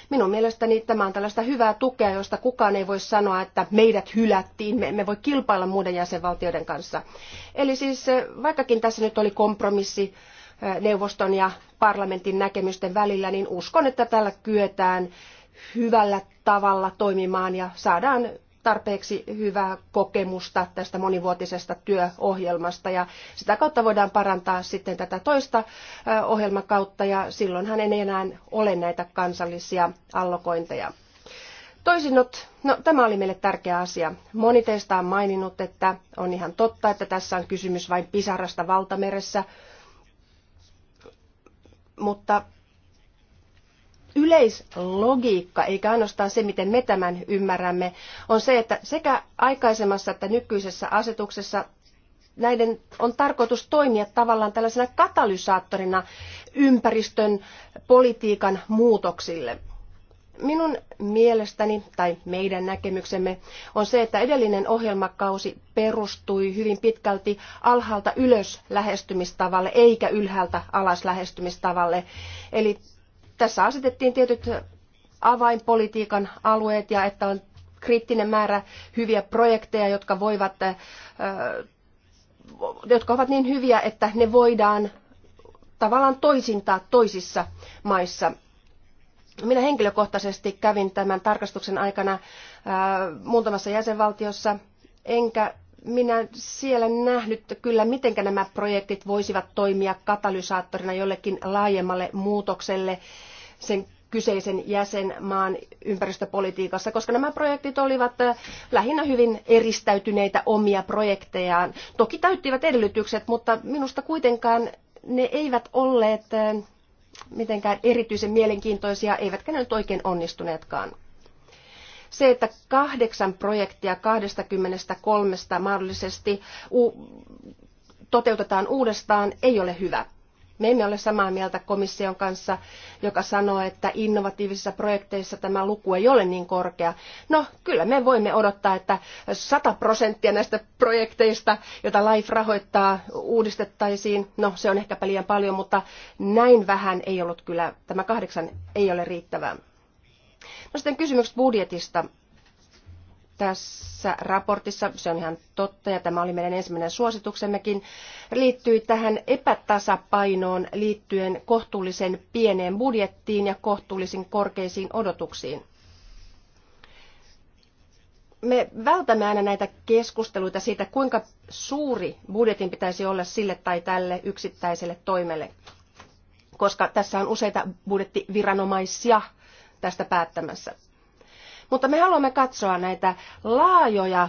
Minun mielestäni tämä on tällaista hyvää tukea, josta kukaan ei voi sanoa, että meidät hylättiin, me emme voi kilpailla muiden jäsenvaltioiden kanssa. Eli siis eh, vaikkakin tässä nyt oli kompromissi, eh, neuvoston ja parlamentin näkemysten välillä, niin uskon, että tällä kyetään hyvällä tavalla toimimaan ja saadaan tarpeeksi hyvää kokemusta tästä monivuotisesta työohjelmasta ja sitä kautta voidaan parantaa sitten tätä toista ohjelmakautta ja silloinhan ei enää ole näitä kansallisia allokointeja. Toisinnot, no tämä oli meille tärkeä asia. Moni teistä on maininnut, että on ihan totta, että tässä on kysymys vain pisarasta valtameressä, mutta yleislogiikka, eikä ainoastaan se, miten me tämän ymmärrämme, on se, että sekä aikaisemmassa että nykyisessä asetuksessa näiden on tarkoitus toimia tavallaan tällaisena katalysaattorina ympäristön politiikan muutoksille. Minun mielestäni tai meidän näkemyksemme on se, että edellinen ohjelmakausi perustui hyvin pitkälti alhaalta ylös lähestymistavalle eikä ylhäältä alas lähestymistavalle. Eli tässä asetettiin tietyt avainpolitiikan alueet ja että on kriittinen määrä hyviä projekteja, jotka, voivat, jotka ovat niin hyviä, että ne voidaan tavallaan toisintaa toisissa maissa. Minä henkilökohtaisesti kävin tämän tarkastuksen aikana muutamassa jäsenvaltiossa, enkä minä siellä nähnyt kyllä, miten nämä projektit voisivat toimia katalysaattorina jollekin laajemmalle muutokselle sen kyseisen jäsenmaan ympäristöpolitiikassa, koska nämä projektit olivat äh, lähinnä hyvin eristäytyneitä omia projektejaan. Toki täyttivät edellytykset, mutta minusta kuitenkaan ne eivät olleet äh, mitenkään erityisen mielenkiintoisia, eivätkä ne nyt oikein onnistuneetkaan. Se, että kahdeksan projektia 23 mahdollisesti toteutetaan uudestaan, ei ole hyvä. Me emme ole samaa mieltä komission kanssa, joka sanoo, että innovatiivisissa projekteissa tämä luku ei ole niin korkea. No, kyllä me voimme odottaa, että 100 prosenttia näistä projekteista, joita LIFE rahoittaa, uudistettaisiin. No, se on ehkäpä liian paljon, mutta näin vähän ei ollut kyllä, tämä kahdeksan ei ole riittävää sitten kysymykset budjetista. Tässä raportissa, se on ihan totta ja tämä oli meidän ensimmäinen suosituksemmekin, liittyy tähän epätasapainoon liittyen kohtuullisen pieneen budjettiin ja kohtuullisen korkeisiin odotuksiin me vältämme aina näitä keskusteluita siitä, kuinka suuri budjetin pitäisi olla sille tai tälle yksittäiselle toimelle, koska tässä on useita budjettiviranomaisia tästä päättämässä. Mutta me haluamme katsoa näitä laajoja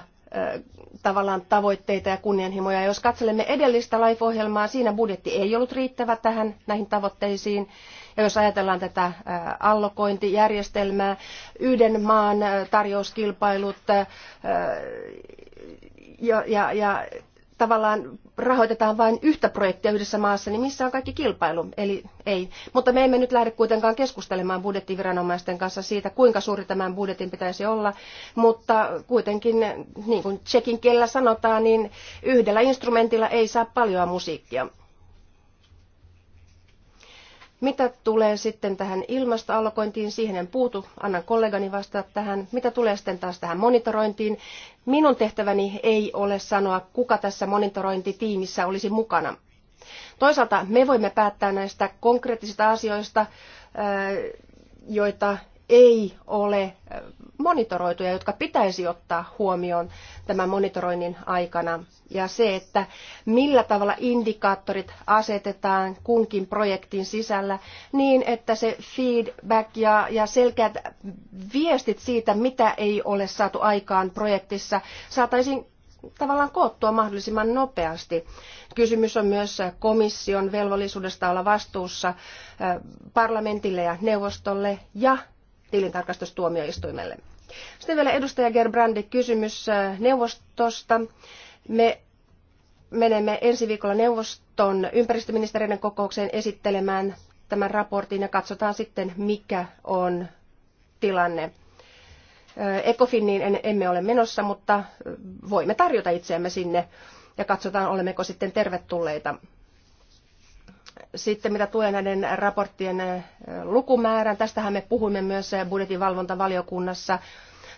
tavallaan tavoitteita ja kunnianhimoja. Jos katselemme edellistä LIFE-ohjelmaa, siinä budjetti ei ollut riittävä tähän näihin tavoitteisiin. Ja jos ajatellaan tätä allokointijärjestelmää, yhden maan tarjouskilpailut ja, ja, ja tavallaan rahoitetaan vain yhtä projektia yhdessä maassa, niin missä on kaikki kilpailu? Eli ei. Mutta me emme nyt lähde kuitenkaan keskustelemaan budjettiviranomaisten kanssa siitä, kuinka suuri tämän budjetin pitäisi olla, mutta kuitenkin, niin kuin tsekin kellä sanotaan, niin yhdellä instrumentilla ei saa paljoa musiikkia. Mitä tulee sitten tähän ilmastoallokointiin, siihen en puutu, annan kollegani vastata tähän. Mitä tulee sitten taas tähän monitorointiin, minun tehtäväni ei ole sanoa, kuka tässä monitorointitiimissä olisi mukana. Toisaalta me voimme päättää näistä konkreettisista asioista, joita ei ole monitoroituja, jotka pitäisi ottaa huomioon tämän monitoroinnin aikana. Ja se, että millä tavalla indikaattorit asetetaan kunkin projektin sisällä niin, että se feedback ja, ja selkeät viestit siitä, mitä ei ole saatu aikaan projektissa, saataisiin tavallaan koottua mahdollisimman nopeasti. Kysymys on myös komission velvollisuudesta olla vastuussa parlamentille ja neuvostolle ja tilintarkastustuomioistuimelle. Sitten vielä edustaja Gerbrandi kysymys äh, neuvostosta. Me menemme ensi viikolla neuvoston ympäristöministeriön kokoukseen esittelemään tämän raportin ja katsotaan sitten, mikä on tilanne. Äh, Ecofiniin emme ole menossa, mutta äh, voimme tarjota itseämme sinne ja katsotaan, olemmeko sitten tervetulleita sitten mitä tulee näiden raporttien eh, lukumäärään, tästähän me puhuimme myös eh, valvontavaliokunnassa.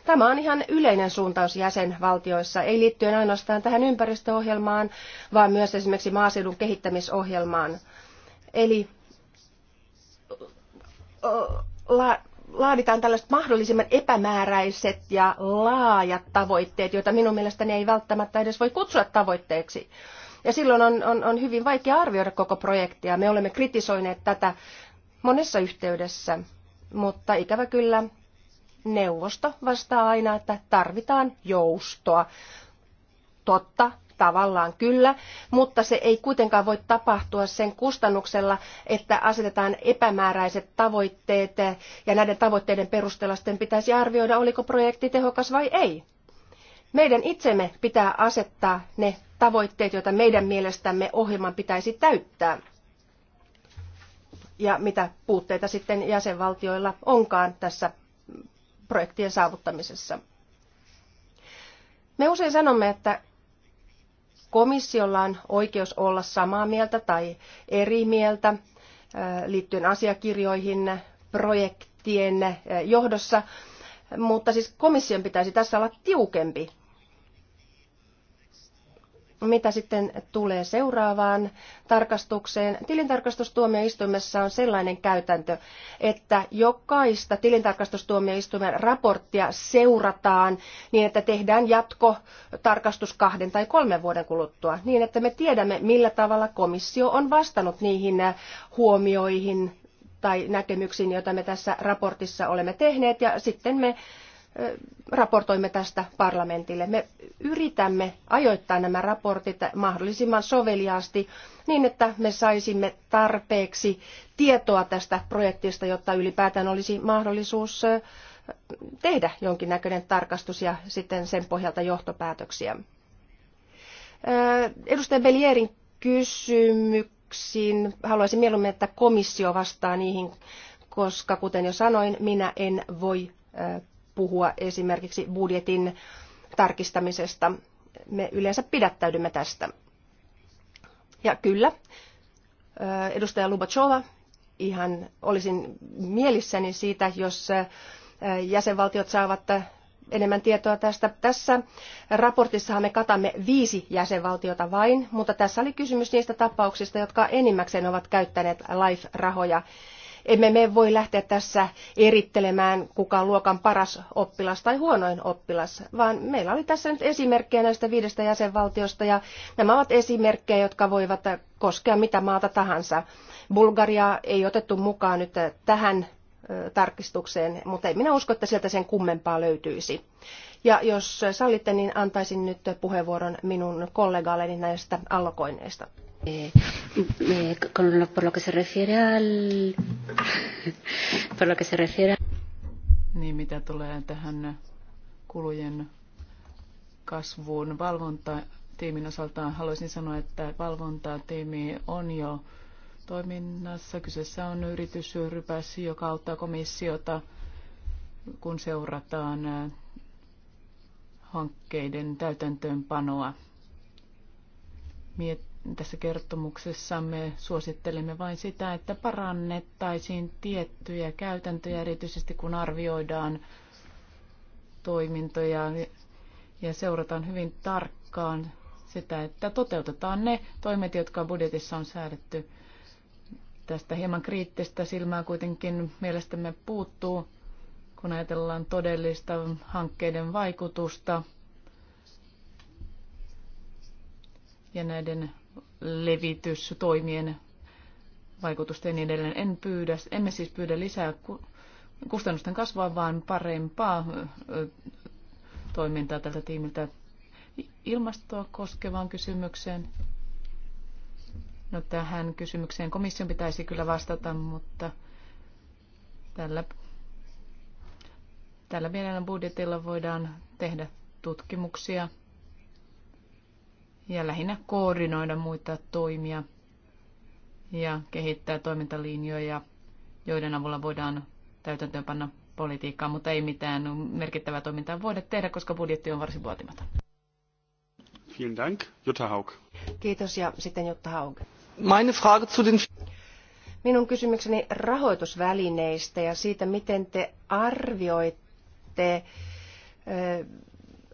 Tämä on ihan yleinen suuntaus jäsenvaltioissa, ei liittyen ainoastaan tähän ympäristöohjelmaan, vaan myös esimerkiksi maaseudun kehittämisohjelmaan. Eli laaditaan tällaiset mahdollisimman epämääräiset ja laajat tavoitteet, joita minun mielestäni ei välttämättä edes voi kutsua tavoitteeksi. Ja silloin on, on, on hyvin vaikea arvioida koko projektia. Me olemme kritisoineet tätä monessa yhteydessä, mutta ikävä kyllä neuvosto vastaa aina, että tarvitaan joustoa. Totta, tavallaan kyllä, mutta se ei kuitenkaan voi tapahtua sen kustannuksella, että asetetaan epämääräiset tavoitteet ja näiden tavoitteiden perusteella sitten pitäisi arvioida, oliko projekti tehokas vai ei. Meidän itsemme pitää asettaa ne tavoitteet, joita meidän mielestämme ohjelman pitäisi täyttää ja mitä puutteita sitten jäsenvaltioilla onkaan tässä projektien saavuttamisessa. Me usein sanomme, että komissiolla on oikeus olla samaa mieltä tai eri mieltä liittyen asiakirjoihin projektien johdossa, mutta siis komission pitäisi tässä olla tiukempi mitä sitten tulee seuraavaan tarkastukseen? Tilintarkastustuomioistuimessa on sellainen käytäntö, että jokaista tilintarkastustuomioistuimen raporttia seurataan niin, että tehdään jatkotarkastus kahden tai kolmen vuoden kuluttua, niin että me tiedämme, millä tavalla komissio on vastannut niihin huomioihin tai näkemyksiin, joita me tässä raportissa olemme tehneet, ja sitten me raportoimme tästä parlamentille. Me yritämme ajoittaa nämä raportit mahdollisimman soveliaasti niin, että me saisimme tarpeeksi tietoa tästä projektista, jotta ylipäätään olisi mahdollisuus tehdä jonkinnäköinen tarkastus ja sitten sen pohjalta johtopäätöksiä. Edustaja Belierin kysymyksiin haluaisin mieluummin, että komissio vastaa niihin, koska kuten jo sanoin, minä en voi puhua esimerkiksi budjetin tarkistamisesta. Me yleensä pidättäydymme tästä. Ja kyllä, edustaja Lubachova, ihan olisin mielissäni siitä, jos jäsenvaltiot saavat enemmän tietoa tästä. Tässä raportissahan me katamme viisi jäsenvaltiota vain, mutta tässä oli kysymys niistä tapauksista, jotka enimmäkseen ovat käyttäneet LIFE-rahoja. Emme me voi lähteä tässä erittelemään, kuka on luokan paras oppilas tai huonoin oppilas, vaan meillä oli tässä nyt esimerkkejä näistä viidestä jäsenvaltiosta ja nämä ovat esimerkkejä, jotka voivat koskea mitä maata tahansa. Bulgaria ei otettu mukaan nyt tähän tarkistukseen, mutta en minä usko, että sieltä sen kummempaa löytyisi. Ja jos sallitte, niin antaisin nyt puheenvuoron minun kollegalleni näistä allokoinneista. Eh, eh, con lo, por lo que se refiere al... por lo que se refiere... Niin, mitä tulee tähän kulujen kasvuun tiimin osalta, haluaisin sanoa, että valvonta tiimi on jo toiminnassa. Kyseessä on yritysrypäs, joka auttaa komissiota, kun seurataan eh, hankkeiden täytäntöönpanoa. Miet- tässä kertomuksessamme suosittelemme vain sitä, että parannettaisiin tiettyjä käytäntöjä, erityisesti kun arvioidaan toimintoja ja seurataan hyvin tarkkaan sitä, että toteutetaan ne toimet, jotka budjetissa on säädetty. Tästä hieman kriittistä silmää kuitenkin mielestämme puuttuu, kun ajatellaan todellista hankkeiden vaikutusta ja näiden levitystoimien vaikutusta ja niin edelleen. En pyydä, emme siis pyydä lisää kustannusten kasvaa, vaan parempaa toimintaa tältä tiimiltä ilmastoa koskevaan kysymykseen. No tähän kysymykseen komission pitäisi kyllä vastata, mutta tällä, tällä pienellä budjetilla voidaan tehdä tutkimuksia – ja lähinnä koordinoida muita toimia ja kehittää toimintalinjoja, joiden avulla voidaan täytäntöönpanna politiikkaa, mutta ei mitään merkittävää toimintaa voida tehdä, koska budjetti on varsin vaatimaton. Vielen Dank, Jutta Haug. Kiitos ja sitten Jutta Haug. Meine Frage zu den... Minun kysymykseni rahoitusvälineistä ja siitä, miten te arvioitte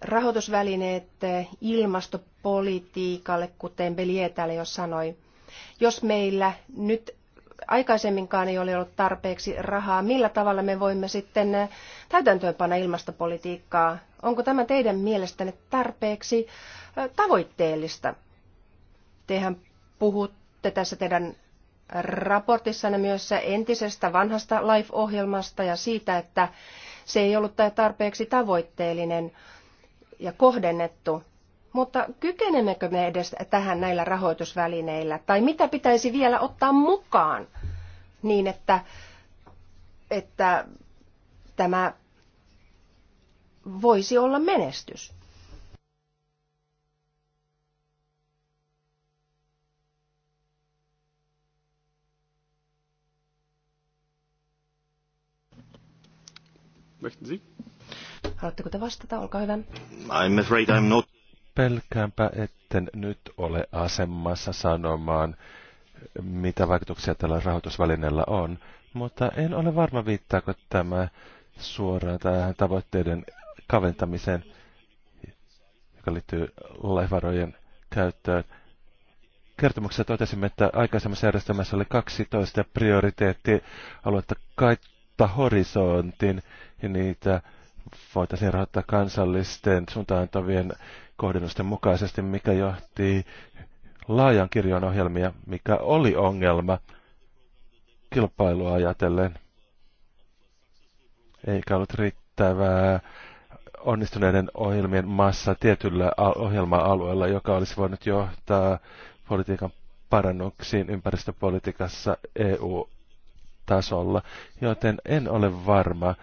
rahoitusvälineet ilmastopolitiikkaa politiikalle, kuten Belie täällä jo sanoi. Jos meillä nyt aikaisemminkaan ei ole ollut tarpeeksi rahaa, millä tavalla me voimme sitten eh, täytäntöönpana ilmastopolitiikkaa? Onko tämä teidän mielestänne tarpeeksi eh, tavoitteellista? Tehän puhutte tässä teidän raportissanne myös entisestä vanhasta LIFE-ohjelmasta ja siitä, että se ei ollut tarpeeksi tavoitteellinen ja kohdennettu. Mutta kykenemmekö me edes tähän näillä rahoitusvälineillä? Tai mitä pitäisi vielä ottaa mukaan niin, että, että tämä voisi olla menestys? Haluatteko te vastata? Olkaa hyvä. I'm afraid I'm not. Pelkäänpä, etten nyt ole asemassa sanomaan, mitä vaikutuksia tällä rahoitusvälineellä on, mutta en ole varma, viittaako tämä suoraan tähän tavoitteiden kaventamiseen, joka liittyy laivarojen käyttöön. Kertomuksessa totesimme, että aikaisemmassa järjestelmässä oli 12 prioriteettialuetta kautta horisontin, ja niitä voitaisiin rahoittaa kansallisten suuntaantavien kohdennusten mukaisesti, mikä johti laajan kirjon ohjelmia, mikä oli ongelma kilpailua ajatellen. Eikä ollut riittävää onnistuneiden ohjelmien massa tietyllä ohjelma-alueella, joka olisi voinut johtaa politiikan parannuksiin ympäristöpolitiikassa EU-tasolla, joten en ole varma,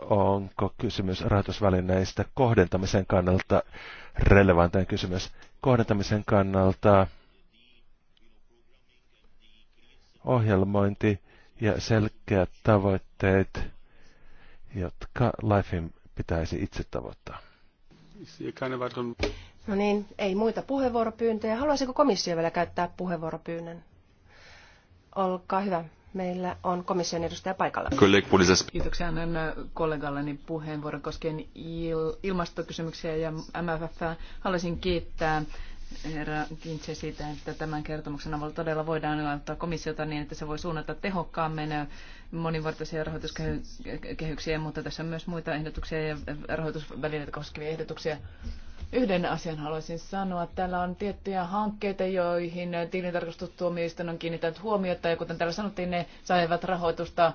onko kysymys rahoitusvälineistä kohdentamisen kannalta relevantein kysymys. Kohdentamisen kannalta ohjelmointi ja selkeät tavoitteet, jotka Lifein pitäisi itse tavoittaa. No niin, ei muita puheenvuoropyyntöjä. Haluaisiko komissio vielä käyttää puheenvuoropyynnön? Olkaa hyvä. Meillä on komission edustaja paikalla. Kiitoksia annan äh, kollegalleni puheenvuoron koskien il- ilmastokysymyksiä ja MFF. Haluaisin kiittää herra Kintse siitä, että tämän kertomuksen avulla todella voidaan antaa komissiota niin, että se voi suunnata tehokkaammin äh, monivuotisia rahoituskehyksiä, mutta tässä on myös muita ehdotuksia ja rahoitusvälineitä koskevia ehdotuksia. Yhden asian haluaisin sanoa. Täällä on tiettyjä hankkeita, joihin tilintarkastustuomioistuin on kiinnittänyt huomiota, ja kuten täällä sanottiin, ne saivat rahoitusta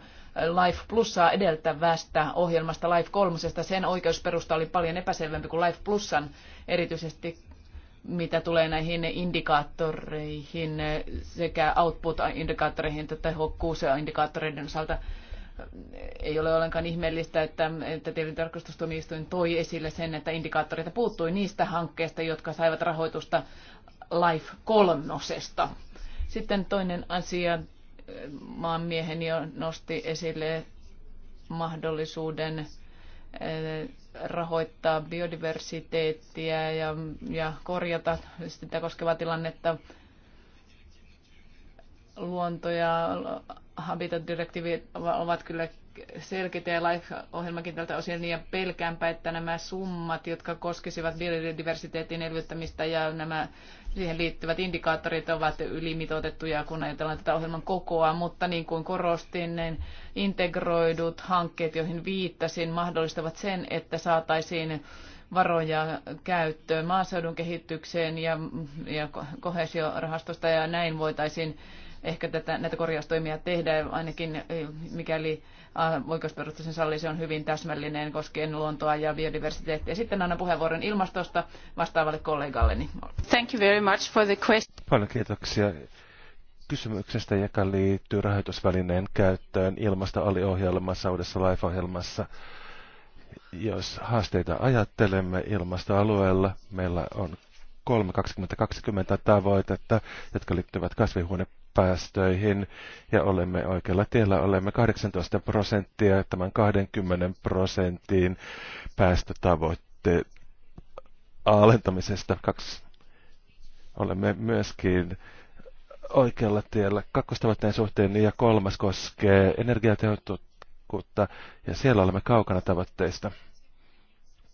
Life Plusaa edeltävästä ohjelmasta Life 3. Sen oikeusperusta oli paljon epäselvempi kuin Life Plusan, erityisesti mitä tulee näihin indikaattoreihin sekä output-indikaattoreihin että tehokkuusindikaattoreiden osalta ei ole ollenkaan ihmeellistä, että, että tarkastustuomioistuin toi esille sen, että indikaattoreita puuttui niistä hankkeista, jotka saivat rahoitusta Life kolmosesta. Sitten toinen asia, maanmiehen jo nosti esille mahdollisuuden eh, rahoittaa biodiversiteettiä ja, ja korjata sitä koskevaa tilannetta luonto- ja habitat-direktiivi ovat kyllä selkeitä ja LIFE-ohjelmakin tältä osin niin pelkäänpä, että nämä summat, jotka koskisivat biodiversiteetin elvyttämistä ja nämä siihen liittyvät indikaattorit ovat ylimitoitettuja, kun ajatellaan tätä ohjelman kokoa, mutta niin kuin korostin, niin integroidut hankkeet, joihin viittasin, mahdollistavat sen, että saataisiin varoja käyttöön maaseudun kehitykseen ja, ja kohesiorahastosta ja näin voitaisiin ehkä tätä, näitä korjaustoimia tehdä, ainakin eh, mikäli oikeusperusta salli, se on hyvin täsmällinen koskien luontoa ja biodiversiteettiä. Sitten annan puheenvuoron ilmastosta vastaavalle kollegalleni. Thank you very much for the question. Paljon kiitoksia kysymyksestä, joka liittyy rahoitusvälineen käyttöön ilmastoaliohjelmassa, uudessa LIFE-ohjelmassa. Jos haasteita ajattelemme ilmastoalueella, meillä on kolme 2020 tavoitetta, jotka liittyvät kasvihuonepäästöihin, ja olemme oikealla tiellä. Olemme 18 prosenttia tämän 20 prosentin päästötavoitteen alentamisesta. Kaksi. Olemme myöskin oikealla tiellä kakkostavoitteen suhteen, ja kolmas koskee energiatehokkuutta, ja siellä olemme kaukana tavoitteista.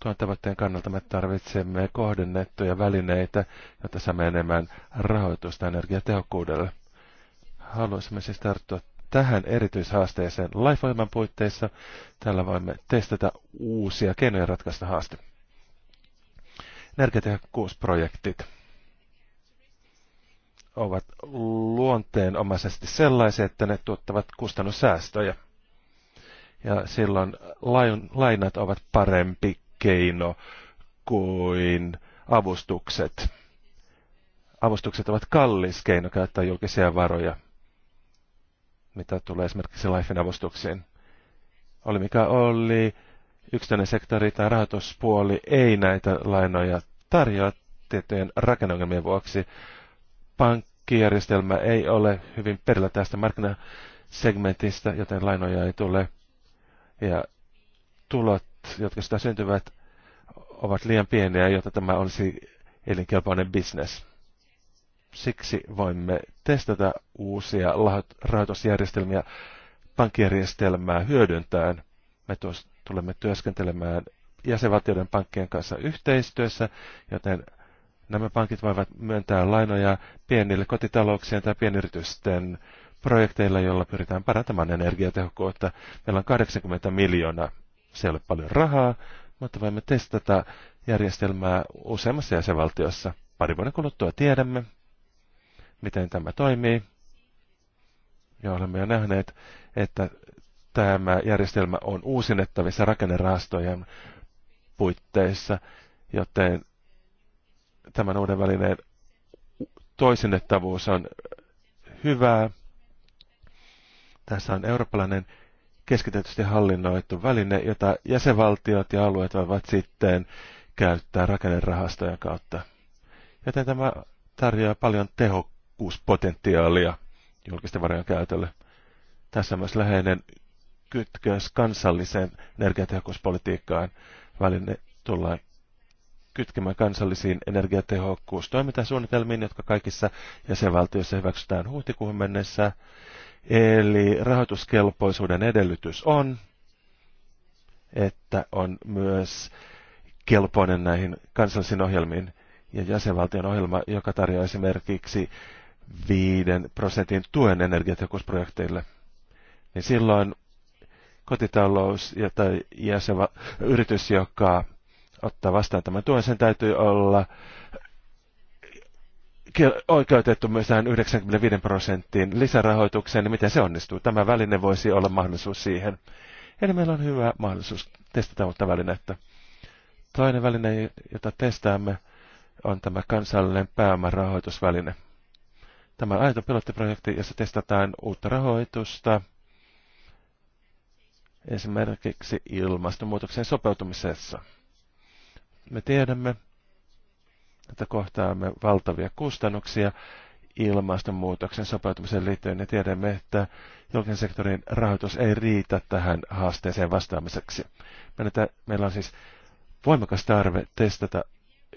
Tuon tavoitteen kannalta me tarvitsemme kohdennettuja välineitä, jotta saamme enemmän rahoitusta energiatehokkuudelle. Haluaisimme siis tarttua tähän erityishaasteeseen laifoiman puitteissa. Tällä voimme testata uusia keinoja ratkaista haaste. Energiatehokkuusprojektit ovat luonteenomaisesti sellaisia, että ne tuottavat kustannussäästöjä. Ja silloin lainat ovat parempi keino kuin avustukset. Avustukset ovat kallis keino käyttää julkisia varoja, mitä tulee esimerkiksi Lifein avustuksiin. Oli mikä oli, yksityinen sektori tai rahoituspuoli ei näitä lainoja tarjoa tietojen rakenneongelmien vuoksi. Pankkijärjestelmä ei ole hyvin perillä tästä markkinasegmentistä, joten lainoja ei tule. Ja tulot jotka sitä syntyvät, ovat liian pieniä, jotta tämä olisi elinkelpoinen bisnes. Siksi voimme testata uusia rahoitusjärjestelmiä pankkijärjestelmää hyödyntäen. Me tulemme työskentelemään jäsenvaltioiden pankkien kanssa yhteistyössä, joten nämä pankit voivat myöntää lainoja pienille kotitalouksien tai pienyritysten projekteilla, joilla pyritään parantamaan energiatehokkuutta. Meillä on 80 miljoonaa se ei ole paljon rahaa, mutta voimme testata järjestelmää useammassa jäsenvaltiossa. Pari vuoden kuluttua tiedämme, miten tämä toimii. Ja olemme jo nähneet, että tämä järjestelmä on uusinnettavissa rakennerahastojen puitteissa, joten tämän uuden välineen toisinnettavuus on hyvää. Tässä on eurooppalainen keskitetysti hallinnoitu väline, jota jäsenvaltiot ja alueet voivat sitten käyttää rakennerahastojen kautta. Joten tämä tarjoaa paljon tehokkuuspotentiaalia julkisten varojen käytölle. Tässä myös läheinen kytkös kansalliseen energiatehokkuuspolitiikkaan väline tullaan kytkemään kansallisiin energiatehokkuustoimintasuunnitelmiin, jotka kaikissa jäsenvaltioissa hyväksytään huhtikuuhun mennessä. Eli rahoituskelpoisuuden edellytys on, että on myös kelpoinen näihin kansallisiin ohjelmiin ja jäsenvaltion ohjelma, joka tarjoaa esimerkiksi 5 prosentin tuen energiatehokkuusprojekteille, niin silloin kotitalous ja, tai jäsenva- yritys, joka ottaa vastaan tämän tuen, sen täytyy olla oikeutettu myös tähän 95 prosenttiin lisärahoitukseen, niin miten se onnistuu? Tämä väline voisi olla mahdollisuus siihen. Eli meillä on hyvä mahdollisuus testata uutta välinettä. Toinen väline, jota testaamme, on tämä kansallinen pääomarahoitusväline. Tämä on aito pilottiprojekti, jossa testataan uutta rahoitusta esimerkiksi ilmastonmuutoksen sopeutumisessa. Me tiedämme, että kohtaamme valtavia kustannuksia ilmastonmuutoksen sopeutumiseen liittyen ja tiedämme, että julkisen sektorin rahoitus ei riitä tähän haasteeseen vastaamiseksi. Meillä on siis voimakas tarve testata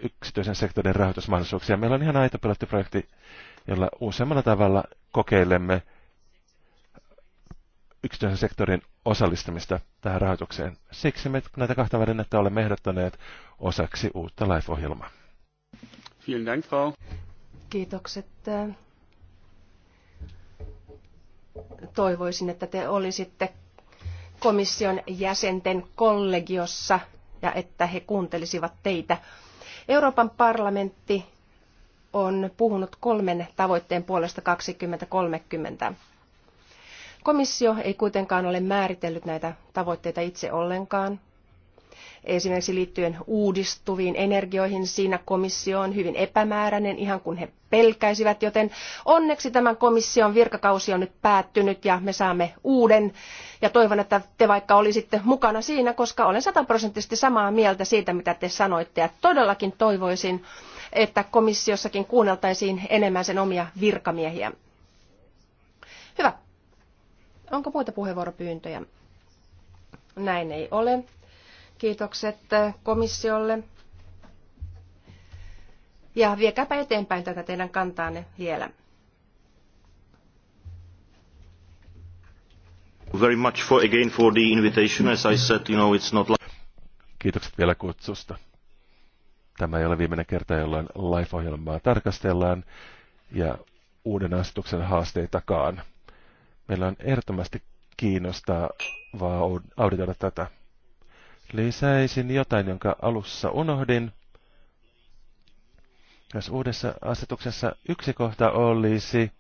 yksityisen sektorin rahoitusmahdollisuuksia. Meillä on ihan aito pilottiprojekti, jolla useammalla tavalla kokeilemme yksityisen sektorin osallistumista tähän rahoitukseen. Siksi me näitä kahta välinettä olemme ehdottaneet osaksi uutta LIFE-ohjelmaa. Vielen Dank, Frau. Kiitokset. Toivoisin, että te olisitte komission jäsenten kollegiossa ja että he kuuntelisivat teitä. Euroopan parlamentti on puhunut kolmen tavoitteen puolesta 2030. Komissio ei kuitenkaan ole määritellyt näitä tavoitteita itse ollenkaan, esimerkiksi liittyen uudistuviin energioihin. Siinä komissio on hyvin epämääräinen, ihan kun he pelkäisivät, joten onneksi tämän komission virkakausi on nyt päättynyt ja me saamme uuden. Ja toivon, että te vaikka olisitte mukana siinä, koska olen sataprosenttisesti samaa mieltä siitä, mitä te sanoitte. Ja todellakin toivoisin, että komissiossakin kuunneltaisiin enemmän sen omia virkamiehiä. Hyvä. Onko muita puheenvuoropyyntöjä? Näin ei ole. Kiitokset äh, komissiolle. Ja viekääpä eteenpäin tätä teidän kantaanne vielä. Very much for, again for the invitation. As I said, you know, it's not like... Kiitokset vielä kutsusta. Tämä ei ole viimeinen kerta, jolloin live-ohjelmaa tarkastellaan ja uuden asetuksen haasteitakaan. Meillä on ehdottomasti kiinnostavaa auditoida tätä. Lisäisin jotain, jonka alussa unohdin. Jos uudessa asetuksessa yksi kohta olisi,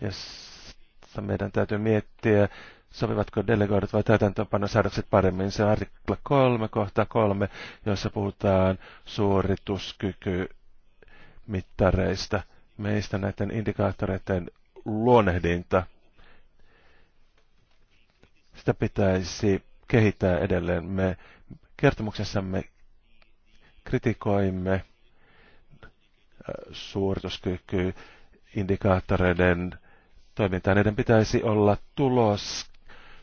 josta meidän täytyy miettiä, sopivatko delegoidut vai täytäntöönpanosäädökset paremmin. Se on artikla 3, kohta 3, jossa puhutaan suorituskykymittareista. Meistä näiden indikaattoreiden luonehdinta. Sitä pitäisi kehittää edelleen. Me kertomuksessamme kritikoimme äh, suorituskyky indikaattoreiden toimintaa. Niiden pitäisi olla tulos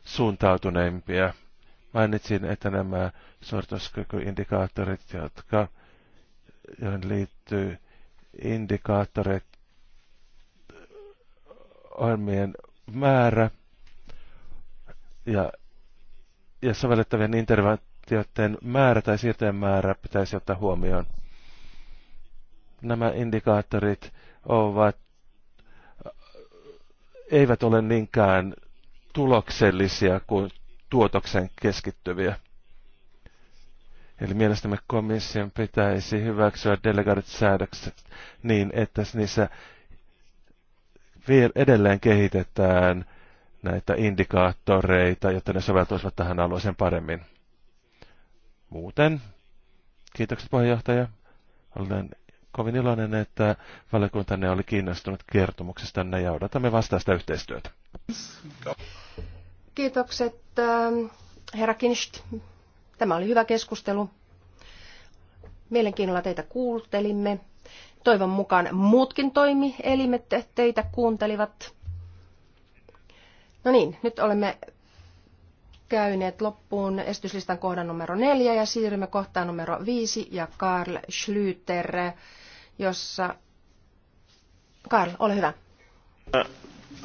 suuntautuneimpia. Mainitsin, että nämä suorituskykyindikaattorit, jotka, joihin liittyy indikaattorit, ohjelmien määrä ja ja sovellettavien interventioiden määrä tai siirtojen määrä pitäisi ottaa huomioon. Nämä indikaattorit ovat, eivät ole niinkään tuloksellisia kuin tuotoksen keskittyviä. Eli mielestämme komission pitäisi hyväksyä delegaatit säädökset niin, että niissä edelleen kehitetään – näitä indikaattoreita, jotta ne soveltuisivat tähän alueeseen paremmin. Muuten, kiitokset puheenjohtaja. Olen kovin iloinen, että valiokuntanne oli kiinnostunut kertomuksestanne ja odotamme vastaista yhteistyötä. Kiitokset, äh, herra Kinst. Tämä oli hyvä keskustelu. Mielenkiinnolla teitä kuultelimme. Toivon mukaan muutkin toimielimet teitä kuuntelivat. No niin, nyt olemme käyneet loppuun esityslistan kohdan numero neljä ja siirrymme kohtaan numero viisi ja Karl Schlüter, jossa... Karl, ole hyvä. Uh,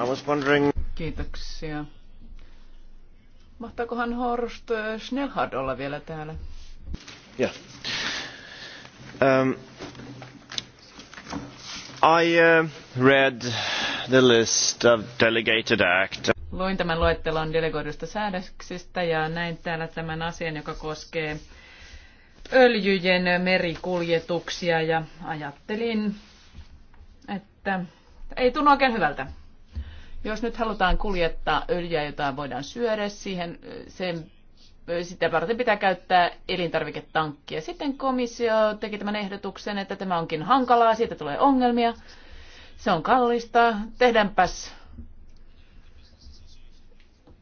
I was wondering... Kiitoksia. Mahtaakohan Horst Schnellhard olla vielä täällä? Joo. Yeah. Um, I uh, read the list of delegated act. Luin tämän luettelon delegoidusta säädöksistä ja näin täällä tämän asian, joka koskee öljyjen merikuljetuksia ja ajattelin, että ei tunnu oikein hyvältä. Jos nyt halutaan kuljettaa öljyä, jota voidaan syödä, siihen sen sitä varten pitää käyttää elintarviketankkia. Sitten komissio teki tämän ehdotuksen, että tämä onkin hankalaa, siitä tulee ongelmia. Se on kallista. Tehdäänpäs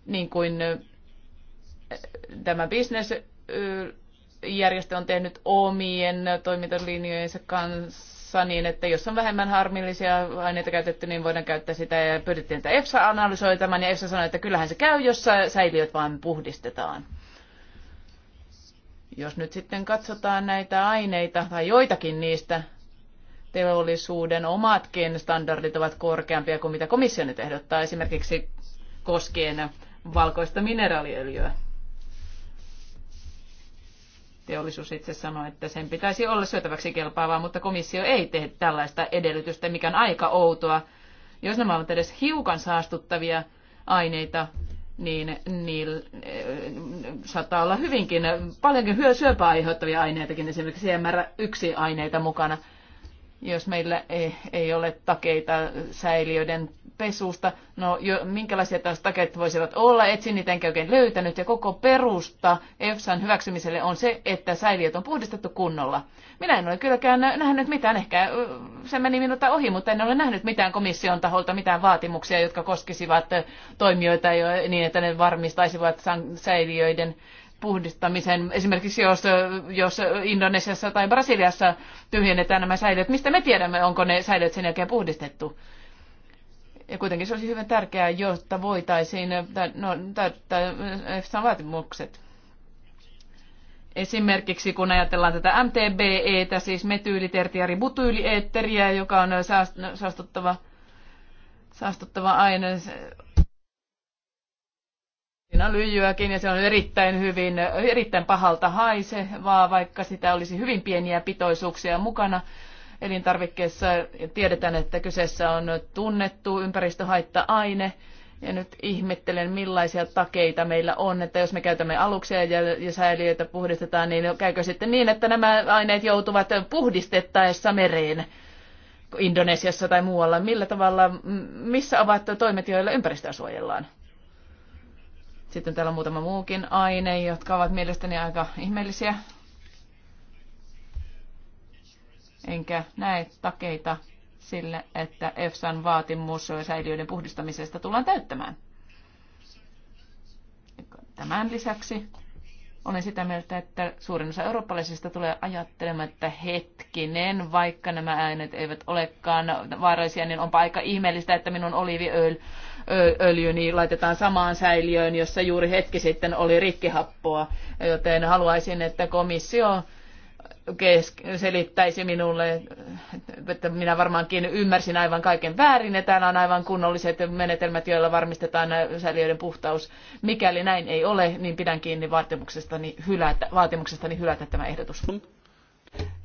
niin kuin tämä bisnesjärjestö on tehnyt omien toimintalinjojensa kanssa niin, että jos on vähemmän harmillisia aineita käytetty, niin voidaan käyttää sitä. Ja pyydettiin, että EFSA analysoi tämän, ja EFSA sanoi, että kyllähän se käy, jos säiliöt vain puhdistetaan. Jos nyt sitten katsotaan näitä aineita tai joitakin niistä, teollisuuden omatkin standardit ovat korkeampia kuin mitä komissio nyt ehdottaa, esimerkiksi koskien valkoista mineraaliöljyä. Teollisuus itse sanoi, että sen pitäisi olla syötäväksi kelpaavaa, mutta komissio ei tee tällaista edellytystä, mikä on aika outoa. Jos nämä ovat edes hiukan saastuttavia aineita, niin niillä eh, saattaa olla hyvinkin paljonkin syöpää aiheuttavia aineitakin, esimerkiksi MR1-aineita mukana – jos meillä ei, ei ole takeita säiliöiden pesusta. No, jo, minkälaisia taas takeet voisivat olla? Etsin niitä enkä oikein löytänyt. Ja koko perusta EFSAn hyväksymiselle on se, että säiliöt on puhdistettu kunnolla. Minä en ole kylläkään nähnyt mitään. Ehkä se meni minulta ohi, mutta en ole nähnyt mitään komission taholta, mitään vaatimuksia, jotka koskisivat toimijoita jo niin, että ne varmistaisivat säiliöiden puhdistamisen, esimerkiksi jos, jos Indonesiassa tai Brasiliassa tyhjennetään nämä säilöt, mistä me tiedämme, onko ne säilöt sen jälkeen puhdistettu? Ja kuitenkin se olisi hyvin tärkeää, jotta voitaisiin no, täyttää vaatimukset. Esimerkiksi kun ajatellaan tätä MTBE, siis butyylieetteriä, joka on saastuttava, saastuttava aine, Siinä on lyijyäkin ja se on erittäin, hyvin, erittäin pahalta vaan vaikka sitä olisi hyvin pieniä pitoisuuksia mukana elintarvikkeessa. Tiedetään, että kyseessä on tunnettu ympäristöhaitta-aine. Ja nyt ihmettelen, millaisia takeita meillä on, että jos me käytämme aluksia ja, ja säiliöitä puhdistetaan, niin käykö sitten niin, että nämä aineet joutuvat puhdistettaessa mereen Indonesiassa tai muualla? Millä tavalla, missä ovat toimet, joilla ympäristöä suojellaan? Sitten täällä on muutama muukin aine, jotka ovat mielestäni aika ihmeellisiä. Enkä näe takeita sille, että EFSAn vaatimus säiliöiden puhdistamisesta tullaan täyttämään. Tämän lisäksi olen sitä mieltä, että suurin osa eurooppalaisista tulee ajattelemaan, että hetkinen, vaikka nämä äänet eivät olekaan vaarallisia, niin onpa aika ihmeellistä, että minun oliiviöljy öljy niin laitetaan samaan säiliöön, jossa juuri hetki sitten oli rikkihappoa. Joten haluaisin, että komissio selittäisi minulle, että minä varmaankin ymmärsin aivan kaiken väärin, ja täällä on aivan kunnolliset menetelmät, joilla varmistetaan säiliöiden puhtaus. Mikäli näin ei ole, niin pidän kiinni vaatimuksestani hylätä, vaatimuksestani hylätä tämä ehdotus.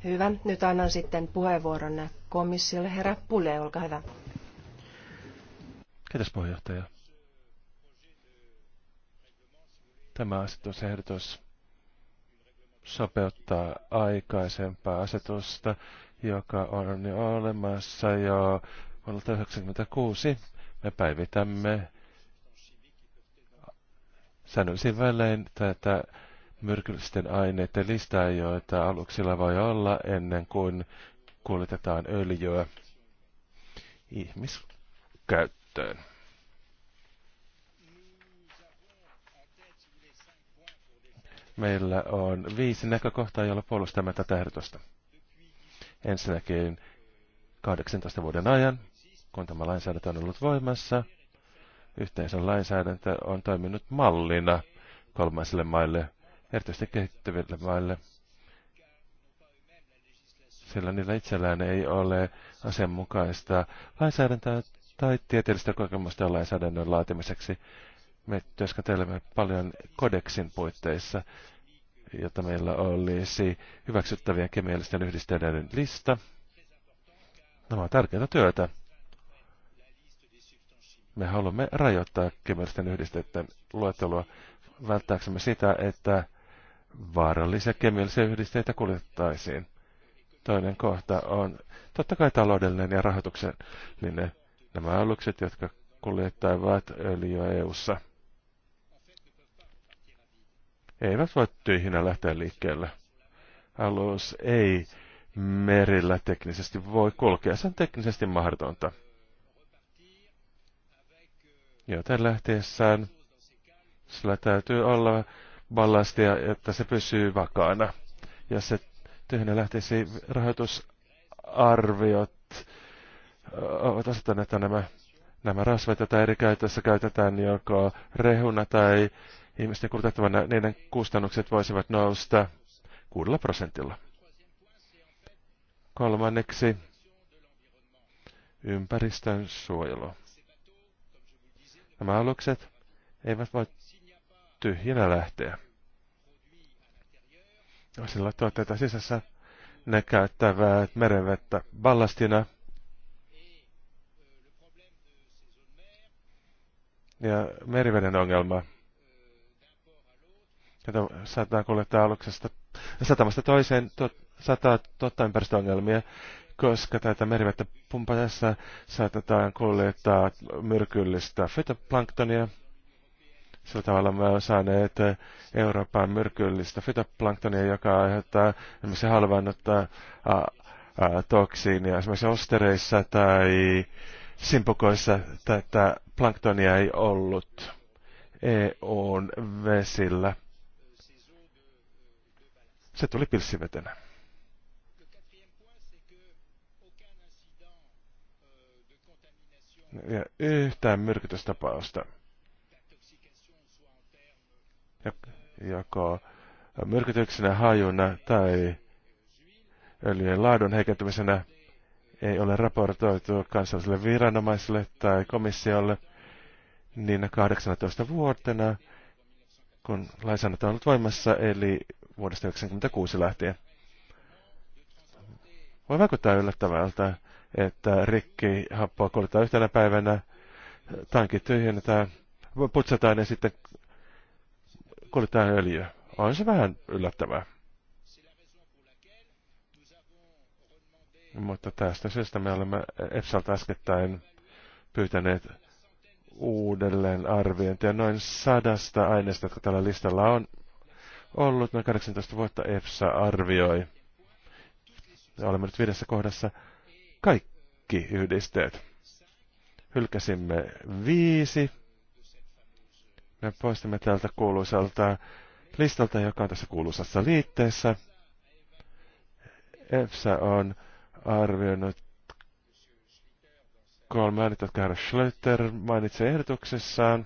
Hyvä. Nyt annan sitten puheenvuoron komissiolle. Herra Pule, olkaa hyvä. Ketäs puheenjohtaja. Tämä asetusehdotus sopeuttaa aikaisempaa asetusta, joka on jo olemassa jo vuonna 1996. Me päivitämme säännöllisin välein tätä myrkyllisten aineiden listaa, joita aluksilla voi olla ennen kuin kuljetetaan öljyä ihmiskäyttöön käyttöön. Meillä on viisi näkökohtaa, joilla puolustamme tätä ehdotusta. Ensinnäkin 18 vuoden ajan, kun tämä lainsäädäntö on ollut voimassa, yhteisön lainsäädäntö on toiminut mallina kolmaisille maille, erityisesti kehittyville maille, sillä niillä itsellään ei ole asianmukaista lainsäädäntöä tai tieteellistä kokemusta ja lainsäädännön laatimiseksi. Me työskentelemme paljon kodeksin puitteissa, jotta meillä olisi hyväksyttävien kemiallisten yhdisteiden lista. Nämä on tärkeää työtä. Me haluamme rajoittaa kemiallisten yhdisteiden luettelua välttääksemme sitä, että vaarallisia kemiallisia yhdisteitä kuljettaisiin. Toinen kohta on totta kai taloudellinen ja rahoituksellinen nämä alukset, jotka kuljettavat öljyä EU-ssa, eivät voi tyhjinä lähteä liikkeelle. Alus ei merillä teknisesti voi kulkea, se on teknisesti mahdotonta. Joten lähteessään sillä täytyy olla ballastia, että se pysyy vakaana. Ja se tyhjinä lähteisi rahoitusarviot ovat asettaneet nämä, nämä rasvat, joita eri käytössä käytetään niin, joko rehuna tai ihmisten kulutettavana, niiden kustannukset voisivat nousta 6 prosentilla. Kolmanneksi ympäristön suojelu. Nämä alukset eivät voi tyhjinä lähteä. Sillä tuotteita sisässä ne käyttävät merenvettä ballastina ja meriveden ongelma, Tätä saattaa kuljettaa aluksesta satamasta toiseen, tot, saattaa tuottaa ympäristöongelmia, koska tätä merivettä pumpatessa saatetaan kuljettaa myrkyllistä fytoplanktonia. Sillä tavalla me olemme saaneet Euroopan myrkyllistä fytoplanktonia, joka aiheuttaa esimerkiksi halvannutta toksiinia esimerkiksi ostereissa tai simpukoissa tätä planktonia ei ollut EUn vesillä. Se tuli pilssivetenä. Ja yhtään myrkytystapausta. Joko myrkytyksenä, hajuna tai öljyn laadun heikentymisenä ei ole raportoitu kansalliselle viranomaiselle tai komissiolle niin 18 vuotena, kun lainsäädäntö on ollut voimassa, eli vuodesta 1996 lähtien. Voi vaikuttaa yllättävältä, että rikki happoa kuljetaan yhtenä päivänä, tankit tyhjennetään, putsataan ja sitten kuljetaan öljyä. On se vähän yllättävää. Mutta tästä syystä me olemme EPSalta äskettäin pyytäneet uudelleen arviointia noin sadasta aineesta, jotka tällä listalla on ollut. Noin 18 vuotta EFSA arvioi. Ja olemme nyt viidessä kohdassa kaikki yhdisteet. Hylkäsimme viisi. Me poistimme tältä kuuluisalta listalta, joka on tässä kuuluisassa liitteessä. EFSA on arvioinut kolme ääntä, jotka herra Schlöter mainitsee ehdotuksessaan.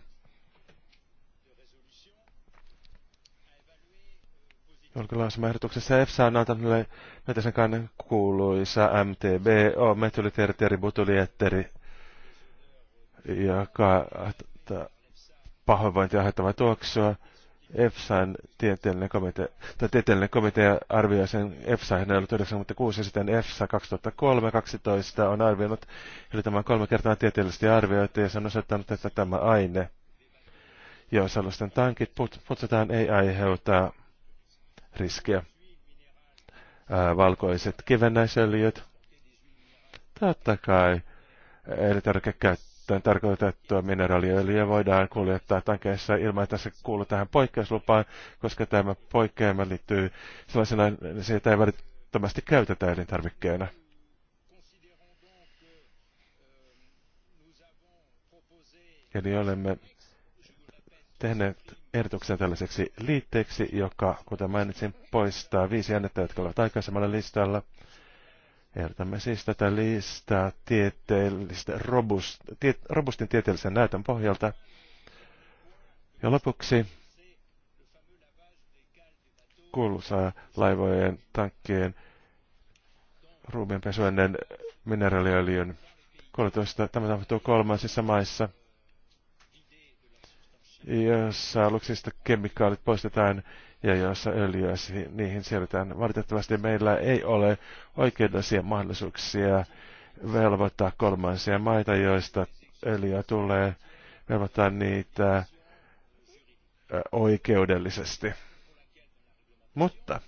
ehdotuksessa EFSA on antanut näitä sen kannan kuuluisa MTBO, metyliterteri, butylietteri, ja pahoinvointia aiheuttava tuoksua. EFSAn tieteellinen komitea, tai tieteellinen komitea arvioi sen EFSA, hän ei ollut 96, ja sitten EFSA 2003 on arvioinut, eli tämä on kolme kertaa tieteellisesti arvioitu, ja se on osoittanut, että tämä aine, jos alusten tankit putsataan, ei aiheuta riskiä. Ää, valkoiset kivennäisöljyt, totta kai elintarvikekäyttö käyttöön tarkoitettua mineraaliöljyä voidaan kuljettaa tankeissa ilman, että se kuuluu tähän poikkeuslupaan, koska tämä poikkeama liittyy sellaisena, se ei välittömästi käytetä elintarvikkeena. Eli niin olemme tehneet ehdotuksen tällaiseksi liitteeksi, joka, kuten mainitsin, poistaa viisi jännettä, jotka ovat aikaisemmalla listalla – Ehdotamme siis tätä listaa tieteellistä, robust, tie, robustin tieteellisen näytön pohjalta. Ja lopuksi kuuluisaa laivojen, tankkien, ruumiinpesuennen mineraaliöljyn kuljetusta. Tämä tapahtuu kolmansissa maissa, jossa aluksista kemikaalit poistetaan ja joissa öljyä niihin siirrytään. Valitettavasti meillä ei ole oikeudellisia mahdollisuuksia velvoittaa kolmansia maita, joista öljyä tulee, velvoittaa niitä oikeudellisesti. Mutta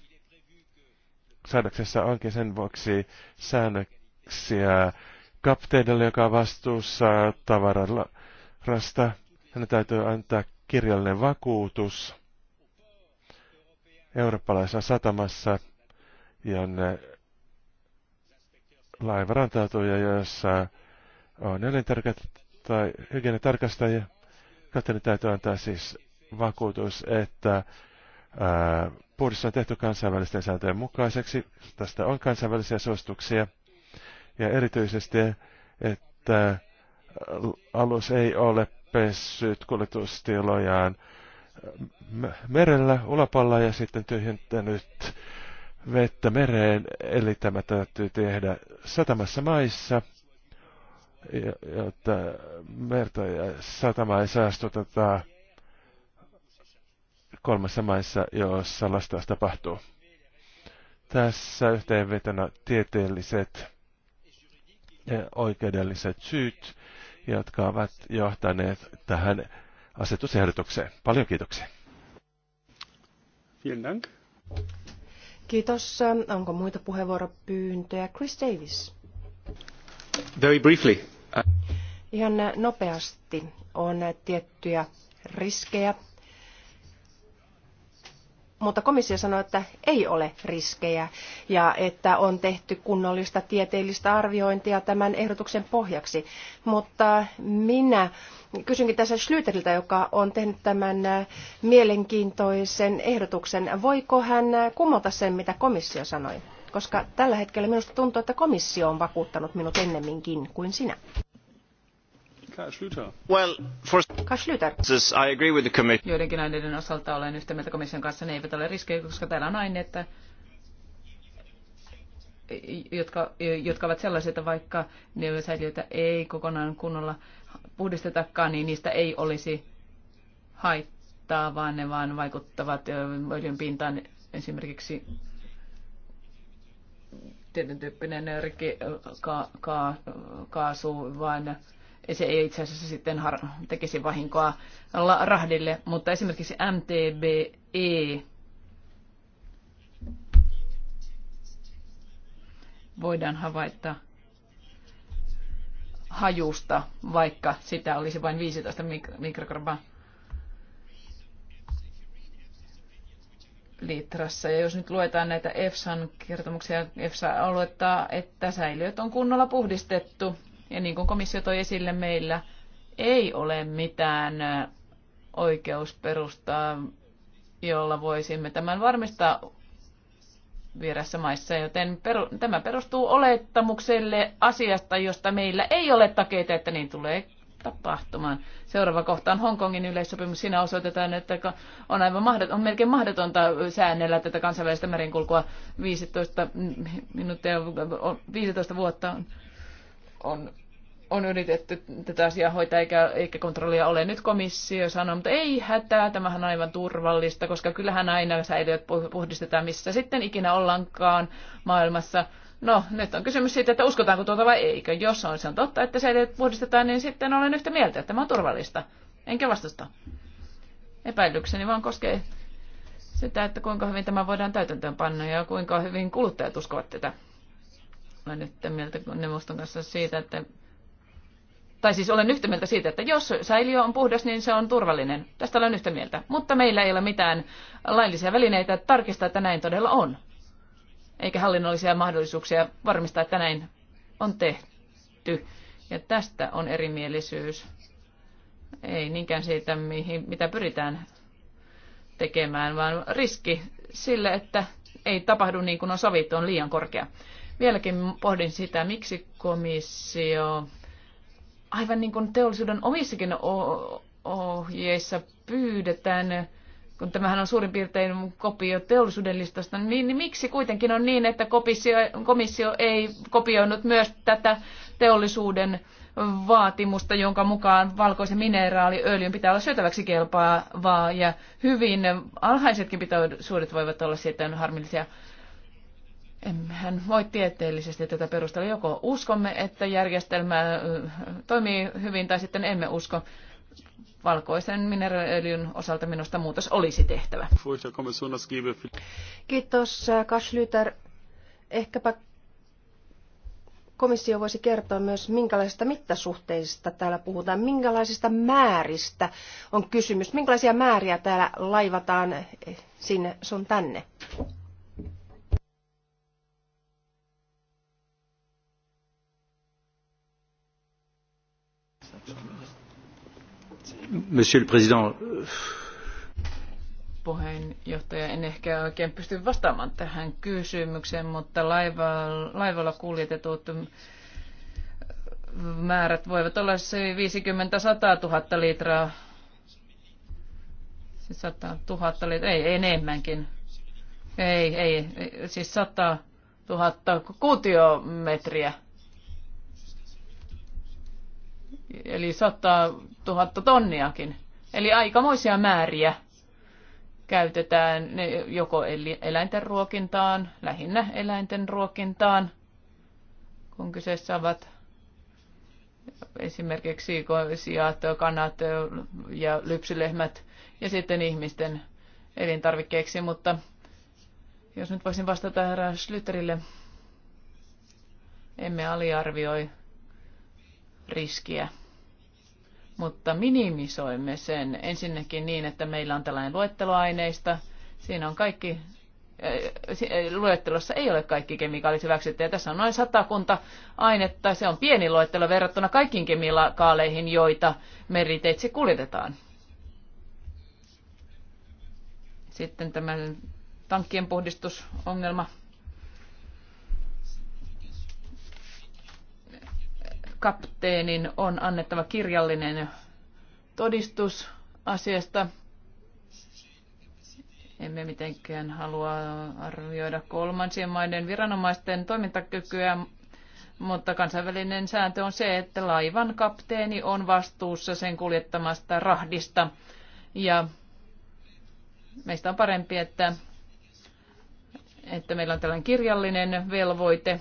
säädöksessä onkin sen vuoksi säännöksiä kapteenille, joka on vastuussa tavarasta. Hänen täytyy antaa kirjallinen vakuutus eurooppalaisessa satamassa, jonne laiva rantautuu ja jossa on elintärkeä tai hygienitarkastajia. Kapteeni täytyy antaa siis vakuutus, että ää, puhdistus on tehty kansainvälisten sääntöjen mukaiseksi. Tästä on kansainvälisiä suosituksia. Ja erityisesti, että alus ei ole pessyt kuljetustilojaan merellä ulapalla ja sitten tyhjentänyt vettä mereen. Eli tämä täytyy tehdä satamassa maissa, jotta merta ja satama ei saastuteta kolmessa maissa, joissa lastaus tapahtuu. Tässä yhteenvetona tieteelliset ja oikeudelliset syyt, jotka ovat johtaneet tähän asetusehdotukseen. Paljon kiitoksia. Vielen Dank. Kiitos. Onko muita puheenvuoropyyntöjä? Chris Davis. Very briefly. Ihan nopeasti on tiettyjä riskejä mutta komissio sanoi, että ei ole riskejä ja että on tehty kunnollista tieteellistä arviointia tämän ehdotuksen pohjaksi. Mutta minä kysynkin tässä Schlüteriltä, joka on tehnyt tämän mielenkiintoisen ehdotuksen. Voiko hän kumota sen, mitä komissio sanoi? Koska tällä hetkellä minusta tuntuu, että komissio on vakuuttanut minut ennemminkin kuin sinä. Well, for... I agree with the committee. Joidenkin aineiden osalta olen yhtä mieltä komission kanssa, ne eivät ole riskejä, koska täällä on aineita, jotka, jotka ovat sellaisia, että vaikka ne säiliöitä ei kokonaan kunnolla puhdistetakaan, niin niistä ei olisi haittaa, vaan ne vaan vaikuttavat öljyn pintaan esimerkiksi tietyn tyyppinen ka, ka, kaasu, vaan se ei itse asiassa sitten har- tekisi vahinkoa rahdille, mutta esimerkiksi MTBE voidaan havaita hajusta, vaikka sitä olisi vain 15 mik- mikrogramaa litrassa. Ja jos nyt luetaan näitä EFSAn kertomuksia, EFSA aloittaa, että säiliöt on kunnolla puhdistettu ja niin kuin komissio toi esille, meillä ei ole mitään oikeusperustaa, jolla voisimme tämän varmistaa vieressä maissa, joten peru, tämä perustuu olettamukselle asiasta, josta meillä ei ole takeita, että niin tulee tapahtumaan. Seuraava kohta on Hongkongin yleissopimus. Siinä osoitetaan, että on, aivan mahdot- on melkein mahdotonta säännellä tätä kansainvälistä merenkulkua 15, mm, minuuttia, 15 vuotta on, on yritetty tätä asiaa hoitaa eikä, eikä kontrollia ole. Nyt komissio sanoo, mutta ei hätää, tämähän on aivan turvallista, koska kyllähän aina säilyöt puhdistetaan, missä sitten ikinä ollaankaan maailmassa. No, nyt on kysymys siitä, että uskotaanko tuota vai eikö. Jos on, se on totta, että säilyöt puhdistetaan, niin sitten olen yhtä mieltä, että tämä on turvallista. Enkä vastusta. Epäilykseni vaan koskee sitä, että kuinka hyvin tämä voidaan täytäntöön panna ja kuinka hyvin kuluttajat uskovat tätä olen yhtä mieltä neuvoston kanssa siitä, että tai siis olen yhtä mieltä siitä, että jos säiliö on puhdas, niin se on turvallinen. Tästä olen yhtä mieltä. Mutta meillä ei ole mitään laillisia välineitä tarkistaa, että näin todella on. Eikä hallinnollisia mahdollisuuksia varmistaa, että näin on tehty. Ja tästä on erimielisyys. Ei niinkään siitä, mihin, mitä pyritään tekemään, vaan riski sille, että ei tapahdu niin kuin on sovittu, on liian korkea. Vieläkin pohdin sitä, miksi komissio, aivan niin kuin teollisuuden omissakin ohjeissa pyydetään, kun tämähän on suurin piirtein kopio teollisuuden listasta, niin, niin miksi kuitenkin on niin, että komissio, komissio ei kopioinut myös tätä teollisuuden vaatimusta, jonka mukaan valkoisen mineraaliöljyn pitää olla syötäväksi kelpaavaa ja hyvin alhaisetkin pitoisuudet voivat olla sitten harmillisia hän voi tieteellisesti tätä perustella. Joko uskomme, että järjestelmä toimii hyvin, tai sitten emme usko. Valkoisen mineraaliöljyn osalta minusta muutos olisi tehtävä. Kiitos, Kaslyter. Äh, Ehkäpä komissio voisi kertoa myös, minkälaisista mittasuhteista täällä puhutaan, minkälaisista määristä on kysymys, minkälaisia määriä täällä laivataan sinne sun tänne. Monsieur le Président. Puheenjohtaja, en ehkä oikein pysty vastaamaan tähän kysymykseen, mutta laiva, laivalla kuljetetut määrät voivat olla se 50 100 000 litraa. Siis 100 000 litraa, ei enemmänkin. Ei, ei, siis 100 000 kuutiometriä eli 100 000 tonniakin. Eli aikamoisia määriä käytetään ne joko eläinten ruokintaan, lähinnä eläinten ruokintaan, kun kyseessä ovat esimerkiksi sijat, kanat ja lypsylehmät ja sitten ihmisten elintarvikkeeksi, mutta jos nyt voisin vastata herra Schlüterille, emme aliarvioi riskiä mutta minimisoimme sen ensinnäkin niin, että meillä on tällainen luetteloaineista. Siinä on kaikki, eh, eh, luettelossa ei ole kaikki kemikaalit ja Tässä on noin satakunta ainetta. Se on pieni luettelo verrattuna kaikkiin kemikaaleihin, joita meriteitse kuljetetaan. Sitten tämä tankkien puhdistusongelma. kapteenin on annettava kirjallinen todistus asiasta. Emme mitenkään halua arvioida kolmansien maiden viranomaisten toimintakykyä, mutta kansainvälinen sääntö on se, että laivan kapteeni on vastuussa sen kuljettamasta rahdista. Ja meistä on parempi, että, että meillä on tällainen kirjallinen velvoite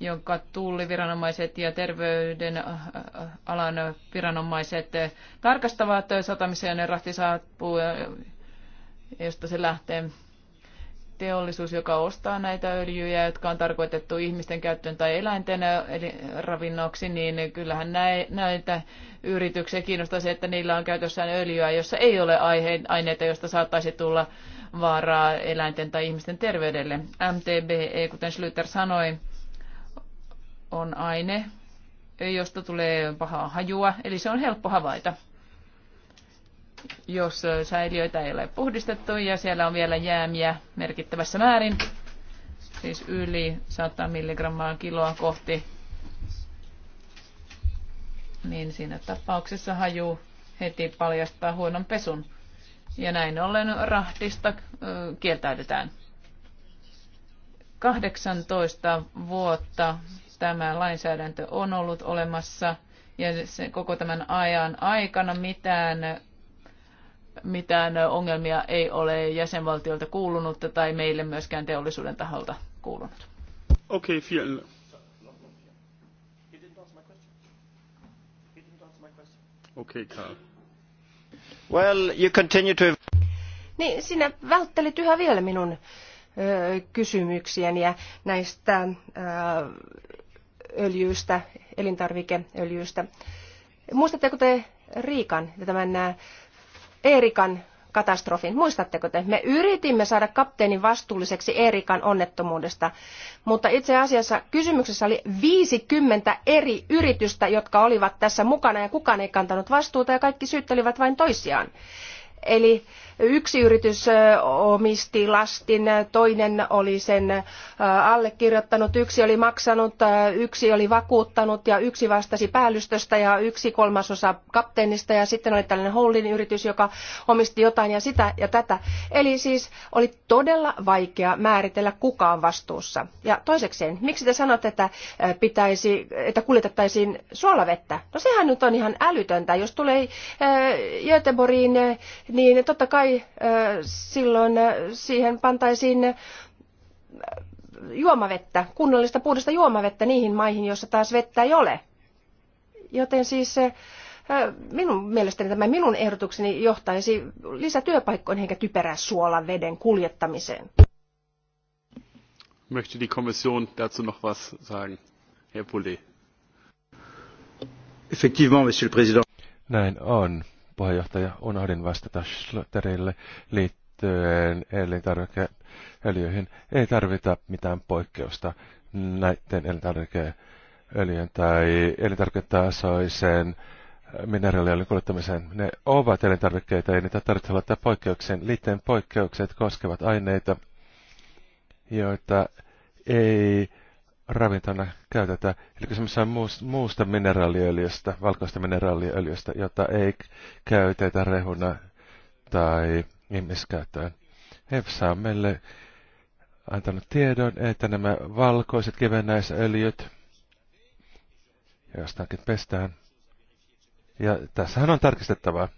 jonka tulliviranomaiset ja terveydenalan äh, äh, viranomaiset tarkastavat satamiseen ja rahti saapuu, josta se lähtee teollisuus, joka ostaa näitä öljyjä, jotka on tarkoitettu ihmisten käyttöön tai eläinten äh, ravinnoksi, niin kyllähän näitä yrityksiä kiinnostaa se, että niillä on käytössään öljyä, jossa ei ole aineita, joista saattaisi tulla vaaraa eläinten tai ihmisten terveydelle. MTBE, kuten Slyter sanoi, on aine, josta tulee pahaa hajua, eli se on helppo havaita. Jos säiliöitä ei ole puhdistettu ja siellä on vielä jäämiä merkittävässä määrin, siis yli 100 milligrammaa kiloa kohti, niin siinä tapauksessa haju heti paljastaa huonon pesun. Ja näin ollen rahdista kieltäydytään. 18 vuotta Tämä lainsäädäntö on ollut olemassa ja se, koko tämän ajan aikana mitään, mitään ongelmia ei ole jäsenvaltiolta kuulunut tai meille myöskään teollisuuden taholta kuulunut. Okei, okay, vielen Okei, okay, Carl. Well, you continue to... Niin, sinä välttelit yhä vielä minun ö, kysymyksiäni ja näistä ö, öljyistä, elintarvikeöljyistä. Muistatteko te Riikan ja tämän Eerikan katastrofin. Muistatteko te? Me yritimme saada kapteenin vastuulliseksi Erikan onnettomuudesta, mutta itse asiassa kysymyksessä oli 50 eri yritystä, jotka olivat tässä mukana ja kukaan ei kantanut vastuuta ja kaikki syyttelivät vain toisiaan. Eli Yksi yritys omisti lastin, toinen oli sen allekirjoittanut, yksi oli maksanut, yksi oli vakuuttanut ja yksi vastasi päällystöstä ja yksi kolmasosa kapteenista ja sitten oli tällainen holding yritys, joka omisti jotain ja sitä ja tätä. Eli siis oli todella vaikea määritellä kuka on vastuussa. Ja toisekseen, miksi te sanotte, että pitäisi, että kuljetettaisiin suolavettä? No sehän nyt on ihan älytöntä. Jos tulee Göteborgiin, niin totta kai tai silloin siihen pantaisiin juomavettä, kunnollista puhdasta juomavettä niihin maihin, joissa taas vettä ei ole. Joten siis minun mielestäni tämä minun ehdotukseni johtaisi lisätyöpaikkoihin eikä typerää suolan veden kuljettamiseen. Möchte die Kommission dazu noch was sagen? Herr Poulet. Effectivement, Monsieur le Président. Näin on puheenjohtaja, unohdin vastata Schlöterille liittyen elintarvikeöljyihin. Ei tarvita mitään poikkeusta näiden elintarvikeöljyjen tai elintarviketasoisen mineraaliöljyn kuljettamiseen. Ne ovat elintarvikkeita, ei niitä tarvitse olla poikkeuksien. Liitteen poikkeukset koskevat aineita, joita ei ravintona käytetään Eli semmoisesta muusta mineraaliöljystä, valkoista mineraaliöljystä, jota ei käytetä rehuna tai ihmiskäyttöön. EFSA on meille antanut tiedon, että nämä valkoiset kivennäisöljyt jostakin pestään. Ja tässähän on tarkistettavaa.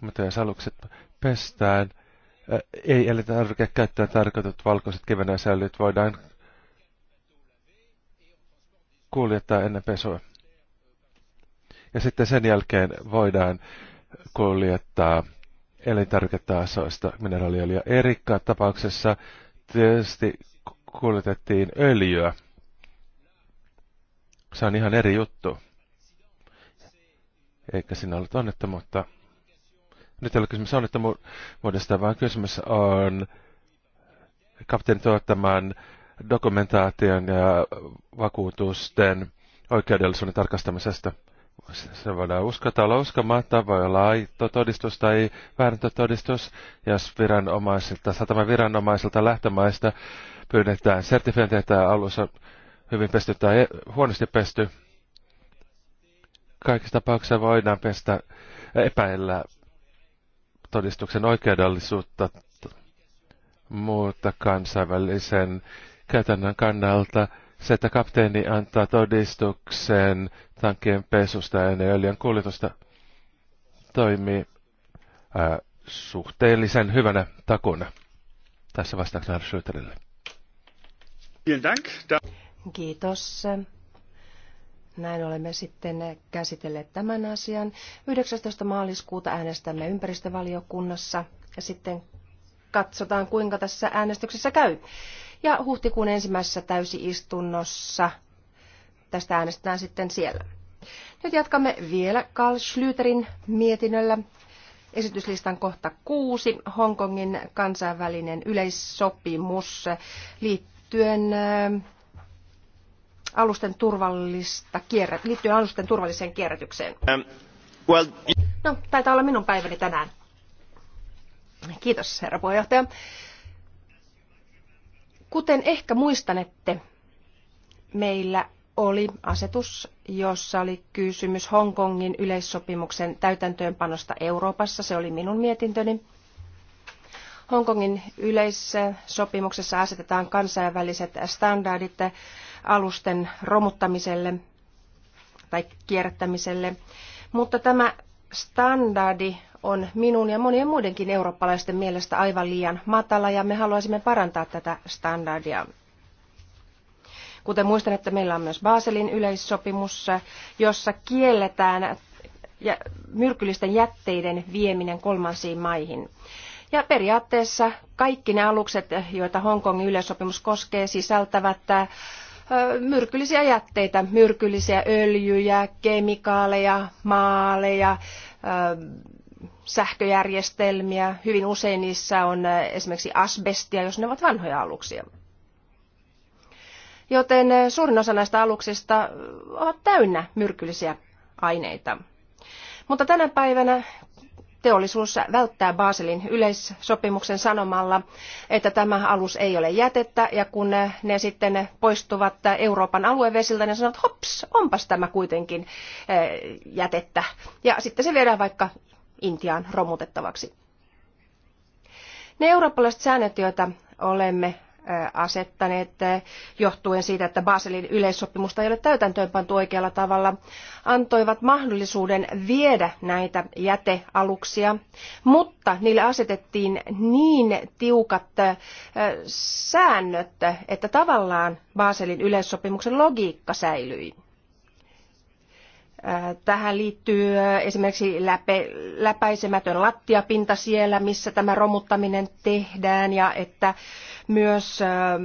Mutta jos alukset pestään, ei käyttää tarkoitut valkoiset kivennäisöljyt voidaan kuljettaa ennen pesua. Ja sitten sen jälkeen voidaan kuljettaa elintarviketaasoista mineraaliöljyä. Erikka tapauksessa tietysti kuljetettiin öljyä. Se on ihan eri juttu. Eikä siinä ollut onnettomuutta. Nyt ei ole kysymys onnettomuudesta, vaan kysymys on kapteeni tuottamaan dokumentaation ja vakuutusten oikeudellisuuden tarkastamisesta. Se voidaan uskota olla uskomatta, voi olla aito todistus tai vääräntötodistus, todistus, jos viranomaisilta, sataman viranomaisilta lähtömaista pyydetään sertifiointeja alussa hyvin pesty tai e- huonosti pesty. Kaikissa tapauksissa voidaan pestä epäillä todistuksen oikeudellisuutta, mutta kansainvälisen käytännön kannalta se, että kapteeni antaa todistuksen tankien pesusta ja öljyn kuljetusta, toimii ää, suhteellisen hyvänä takuna. Tässä vastauksena Schüterille. Kiitos. Näin olemme sitten käsitelleet tämän asian. 19. maaliskuuta äänestämme ympäristövaliokunnassa ja sitten katsotaan, kuinka tässä äänestyksessä käy ja huhtikuun ensimmäisessä täysiistunnossa tästä äänestetään sitten siellä. Nyt jatkamme vielä Carl Schlüterin mietinnöllä. Esityslistan kohta kuusi, Hongkongin kansainvälinen yleissopimus liittyen äh, alusten, turvallista kierrä, liittyen alusten turvalliseen kierrätykseen. Um, well... No, taitaa olla minun päiväni tänään. Kiitos, herra puheenjohtaja. Kuten ehkä muistanette, meillä oli asetus, jossa oli kysymys Hongkongin yleissopimuksen täytäntöönpanosta Euroopassa. Se oli minun mietintöni. Hongkongin yleissopimuksessa asetetaan kansainväliset standardit alusten romuttamiselle tai kierrättämiselle, mutta tämä standardi on minun ja monien muidenkin eurooppalaisten mielestä aivan liian matala ja me haluaisimme parantaa tätä standardia. Kuten muistan, että meillä on myös Baselin yleissopimus, jossa kielletään myrkyllisten jätteiden vieminen kolmansiin maihin. Ja periaatteessa kaikki ne alukset, joita Hongkongin yleissopimus koskee, sisältävät myrkyllisiä jätteitä, myrkyllisiä öljyjä, kemikaaleja, maaleja, sähköjärjestelmiä. Hyvin usein niissä on äh, esimerkiksi asbestia, jos ne ovat vanhoja aluksia. Joten äh, suurin osa näistä aluksista äh, ovat täynnä myrkyllisiä aineita. Mutta tänä päivänä teollisuus välttää Baselin yleissopimuksen sanomalla, että tämä alus ei ole jätettä, ja kun ne sitten poistuvat Euroopan aluevesiltä, ne sanovat, hops, onpas tämä kuitenkin jätettä. Ja sitten se viedään vaikka Intiaan romutettavaksi. Ne eurooppalaiset säännöt, joita olemme asettaneet johtuen siitä, että Baselin yleissopimusta ei ole täytäntöönpantu oikealla tavalla, antoivat mahdollisuuden viedä näitä jätealuksia, mutta niille asetettiin niin tiukat säännöt, että tavallaan Baselin yleissopimuksen logiikka säilyi. Tähän liittyy esimerkiksi läpe, läpäisemätön lattiapinta siellä, missä tämä romuttaminen tehdään ja että myös ähm,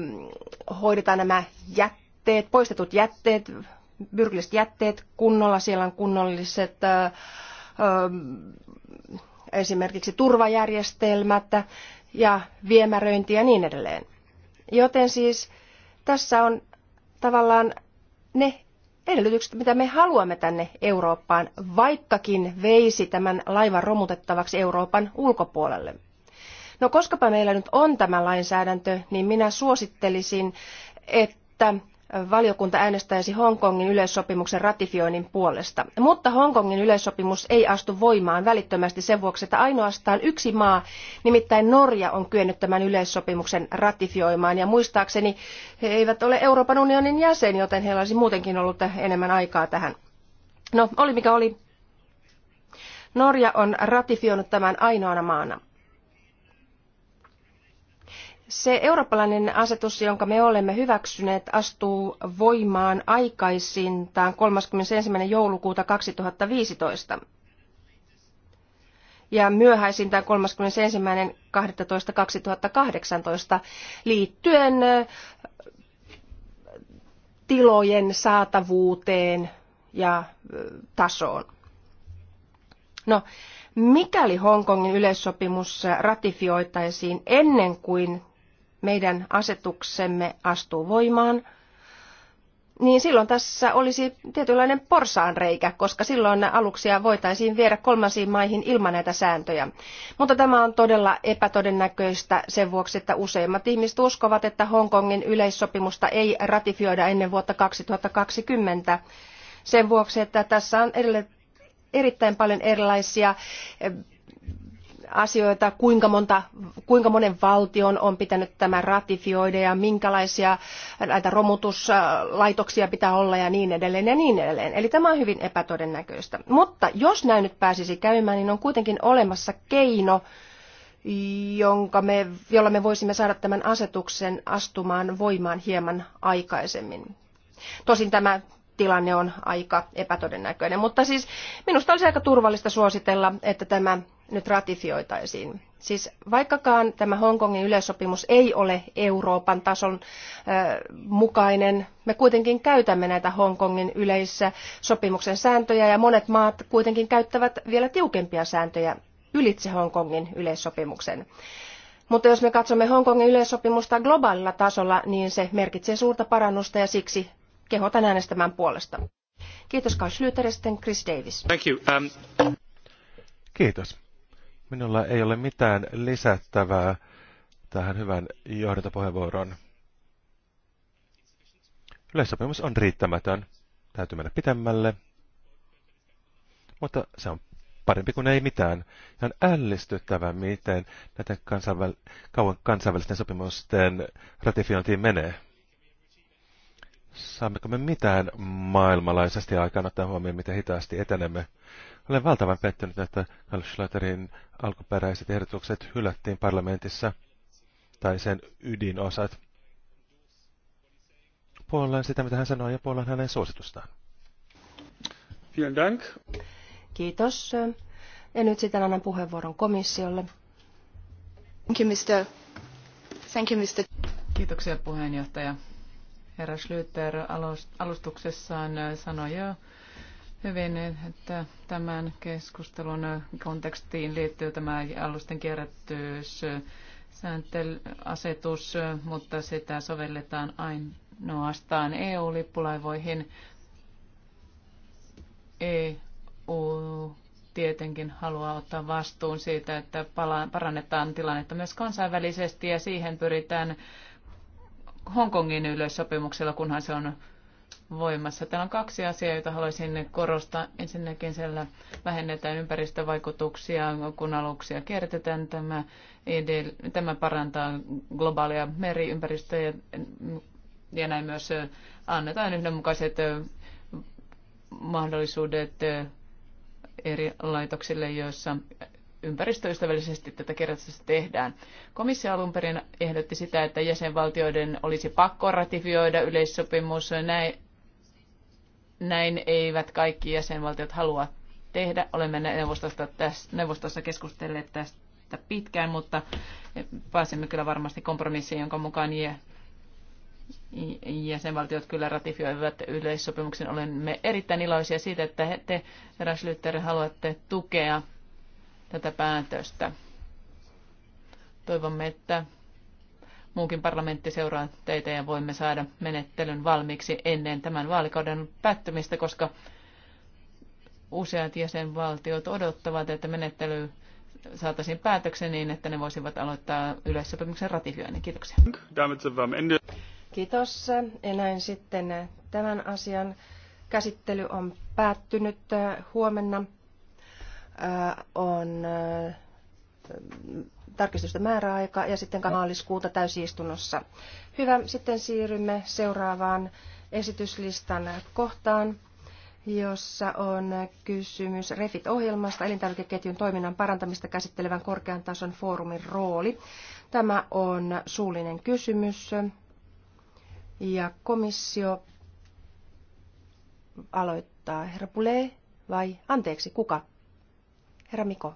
hoidetaan nämä jätteet, poistetut jätteet, myrkylliset jätteet kunnolla. Siellä on kunnolliset äh, ähm, esimerkiksi turvajärjestelmät ja viemäröinti ja niin edelleen. Joten siis tässä on tavallaan ne edellytykset, mitä me haluamme tänne Eurooppaan, vaikkakin veisi tämän laivan romutettavaksi Euroopan ulkopuolelle. No koskapa meillä nyt on tämä lainsäädäntö, niin minä suosittelisin, että valiokunta äänestäisi Hongkongin yleissopimuksen ratifioinnin puolesta. Mutta Hongkongin yleissopimus ei astu voimaan välittömästi sen vuoksi, että ainoastaan yksi maa, nimittäin Norja, on kyennyt tämän yleissopimuksen ratifioimaan. Ja muistaakseni he eivät ole Euroopan unionin jäsen, joten heillä olisi muutenkin ollut enemmän aikaa tähän. No, oli mikä oli. Norja on ratifioinut tämän ainoana maana. Se eurooppalainen asetus, jonka me olemme hyväksyneet, astuu voimaan aikaisintaan 31. joulukuuta 2015 ja myöhäisintään 31.12.2018 liittyen tilojen saatavuuteen ja tasoon. No, mikäli Hongkongin yleissopimus ratifioitaisiin ennen kuin meidän asetuksemme astuu voimaan, niin silloin tässä olisi tietynlainen porsaanreikä, koska silloin aluksia voitaisiin viedä kolmansiin maihin ilman näitä sääntöjä. Mutta tämä on todella epätodennäköistä sen vuoksi, että useimmat ihmiset uskovat, että Hongkongin yleissopimusta ei ratifioida ennen vuotta 2020 sen vuoksi, että tässä on erittäin paljon erilaisia asioita, kuinka, monta, kuinka monen valtion on pitänyt tämä ratifioida ja minkälaisia näitä romutuslaitoksia pitää olla ja niin edelleen ja niin edelleen. Eli tämä on hyvin epätodennäköistä. Mutta jos näin nyt pääsisi käymään, niin on kuitenkin olemassa keino, jonka me, jolla me voisimme saada tämän asetuksen astumaan voimaan hieman aikaisemmin. Tosin tämä tilanne on aika epätodennäköinen. Mutta siis minusta olisi aika turvallista suositella, että tämä nyt ratifioitaisiin. Siis vaikkakaan tämä Hongkongin yleissopimus ei ole Euroopan tason mukainen, me kuitenkin käytämme näitä Hongkongin yleissä sopimuksen sääntöjä ja monet maat kuitenkin käyttävät vielä tiukempia sääntöjä ylitse Hongkongin yleissopimuksen. Mutta jos me katsomme Hongkongin yleissopimusta globaalilla tasolla, niin se merkitsee suurta parannusta ja siksi kehotan äänestämään puolesta. Kiitos Carl Schlüter ja Chris Davis. Thank you. Um... Kiitos. Minulla ei ole mitään lisättävää tähän hyvän johdantopuheenvuoroon. Yleissopimus on riittämätön. Täytyy mennä pitemmälle. Mutta se on parempi kuin ei mitään. Ja on ällistyttävää, miten näiden kansainväl- kauan kansainvälisten sopimusten ratifiointiin menee. Saammeko me mitään maailmanlaisesti aikana ottaa huomioon, miten hitaasti etenemme? Olen valtavan pettynyt, että Karl Schlöterin alkuperäiset ehdotukset hylättiin parlamentissa, tai sen ydinosat. Puolellaan sitä, mitä hän sanoi, ja puolellaan hänen suositustaan. Vielen dank. Kiitos. Ja nyt sitten annan puheenvuoron komissiolle. Thank you, Mr. Thank you, Mr. Kiitoksia puheenjohtaja herra Schlüter alustuksessaan sanoi jo hyvin, että tämän keskustelun kontekstiin liittyy tämä alusten kierrättyys sääntelyasetus, mutta sitä sovelletaan ainoastaan EU-lippulaivoihin. EU tietenkin haluaa ottaa vastuun siitä, että parannetaan tilannetta myös kansainvälisesti ja siihen pyritään Hongkongin yleissopimuksella, kunhan se on voimassa. Täällä on kaksi asiaa, joita haluaisin korostaa. Ensinnäkin siellä vähennetään ympäristövaikutuksia, kun aluksia kiertetään. Tämä, tämä parantaa globaalia meriympäristöä ja, ja näin myös annetaan yhdenmukaiset mahdollisuudet eri laitoksille, joissa ympäristöystävällisesti tätä kerätystä tehdään. Komissio alun perin ehdotti sitä, että jäsenvaltioiden olisi pakko ratifioida yleissopimus. Näin, näin eivät kaikki jäsenvaltiot halua tehdä. Olemme neuvostossa tästä, neuvostossa keskustelleet tästä pitkään, mutta pääsemme kyllä varmasti kompromissiin, jonka mukaan jäsenvaltiot kyllä ratifioivat yleissopimuksen. Olemme erittäin iloisia siitä, että te, herra Schlüter, haluatte tukea tätä päätöstä. Toivomme, että muukin parlamentti seuraa teitä ja voimme saada menettelyn valmiiksi ennen tämän vaalikauden päättymistä, koska useat jäsenvaltiot odottavat, että menettely saataisiin päätöksen niin, että ne voisivat aloittaa yleissopimuksen ratifioinnin. Kiitoksia. Kiitos. Ja näin sitten tämän asian käsittely on päättynyt huomenna on tarkistusten määräaika ja sitten maaliskuuta täysistunnossa. Hyvä, sitten siirrymme seuraavaan esityslistan kohtaan, jossa on kysymys REFIT-ohjelmasta, elintarvikeketjun toiminnan parantamista käsittelevän korkean tason foorumin rooli. Tämä on suullinen kysymys ja komissio aloittaa. Herra Pule vai anteeksi, kuka? Herra Miko,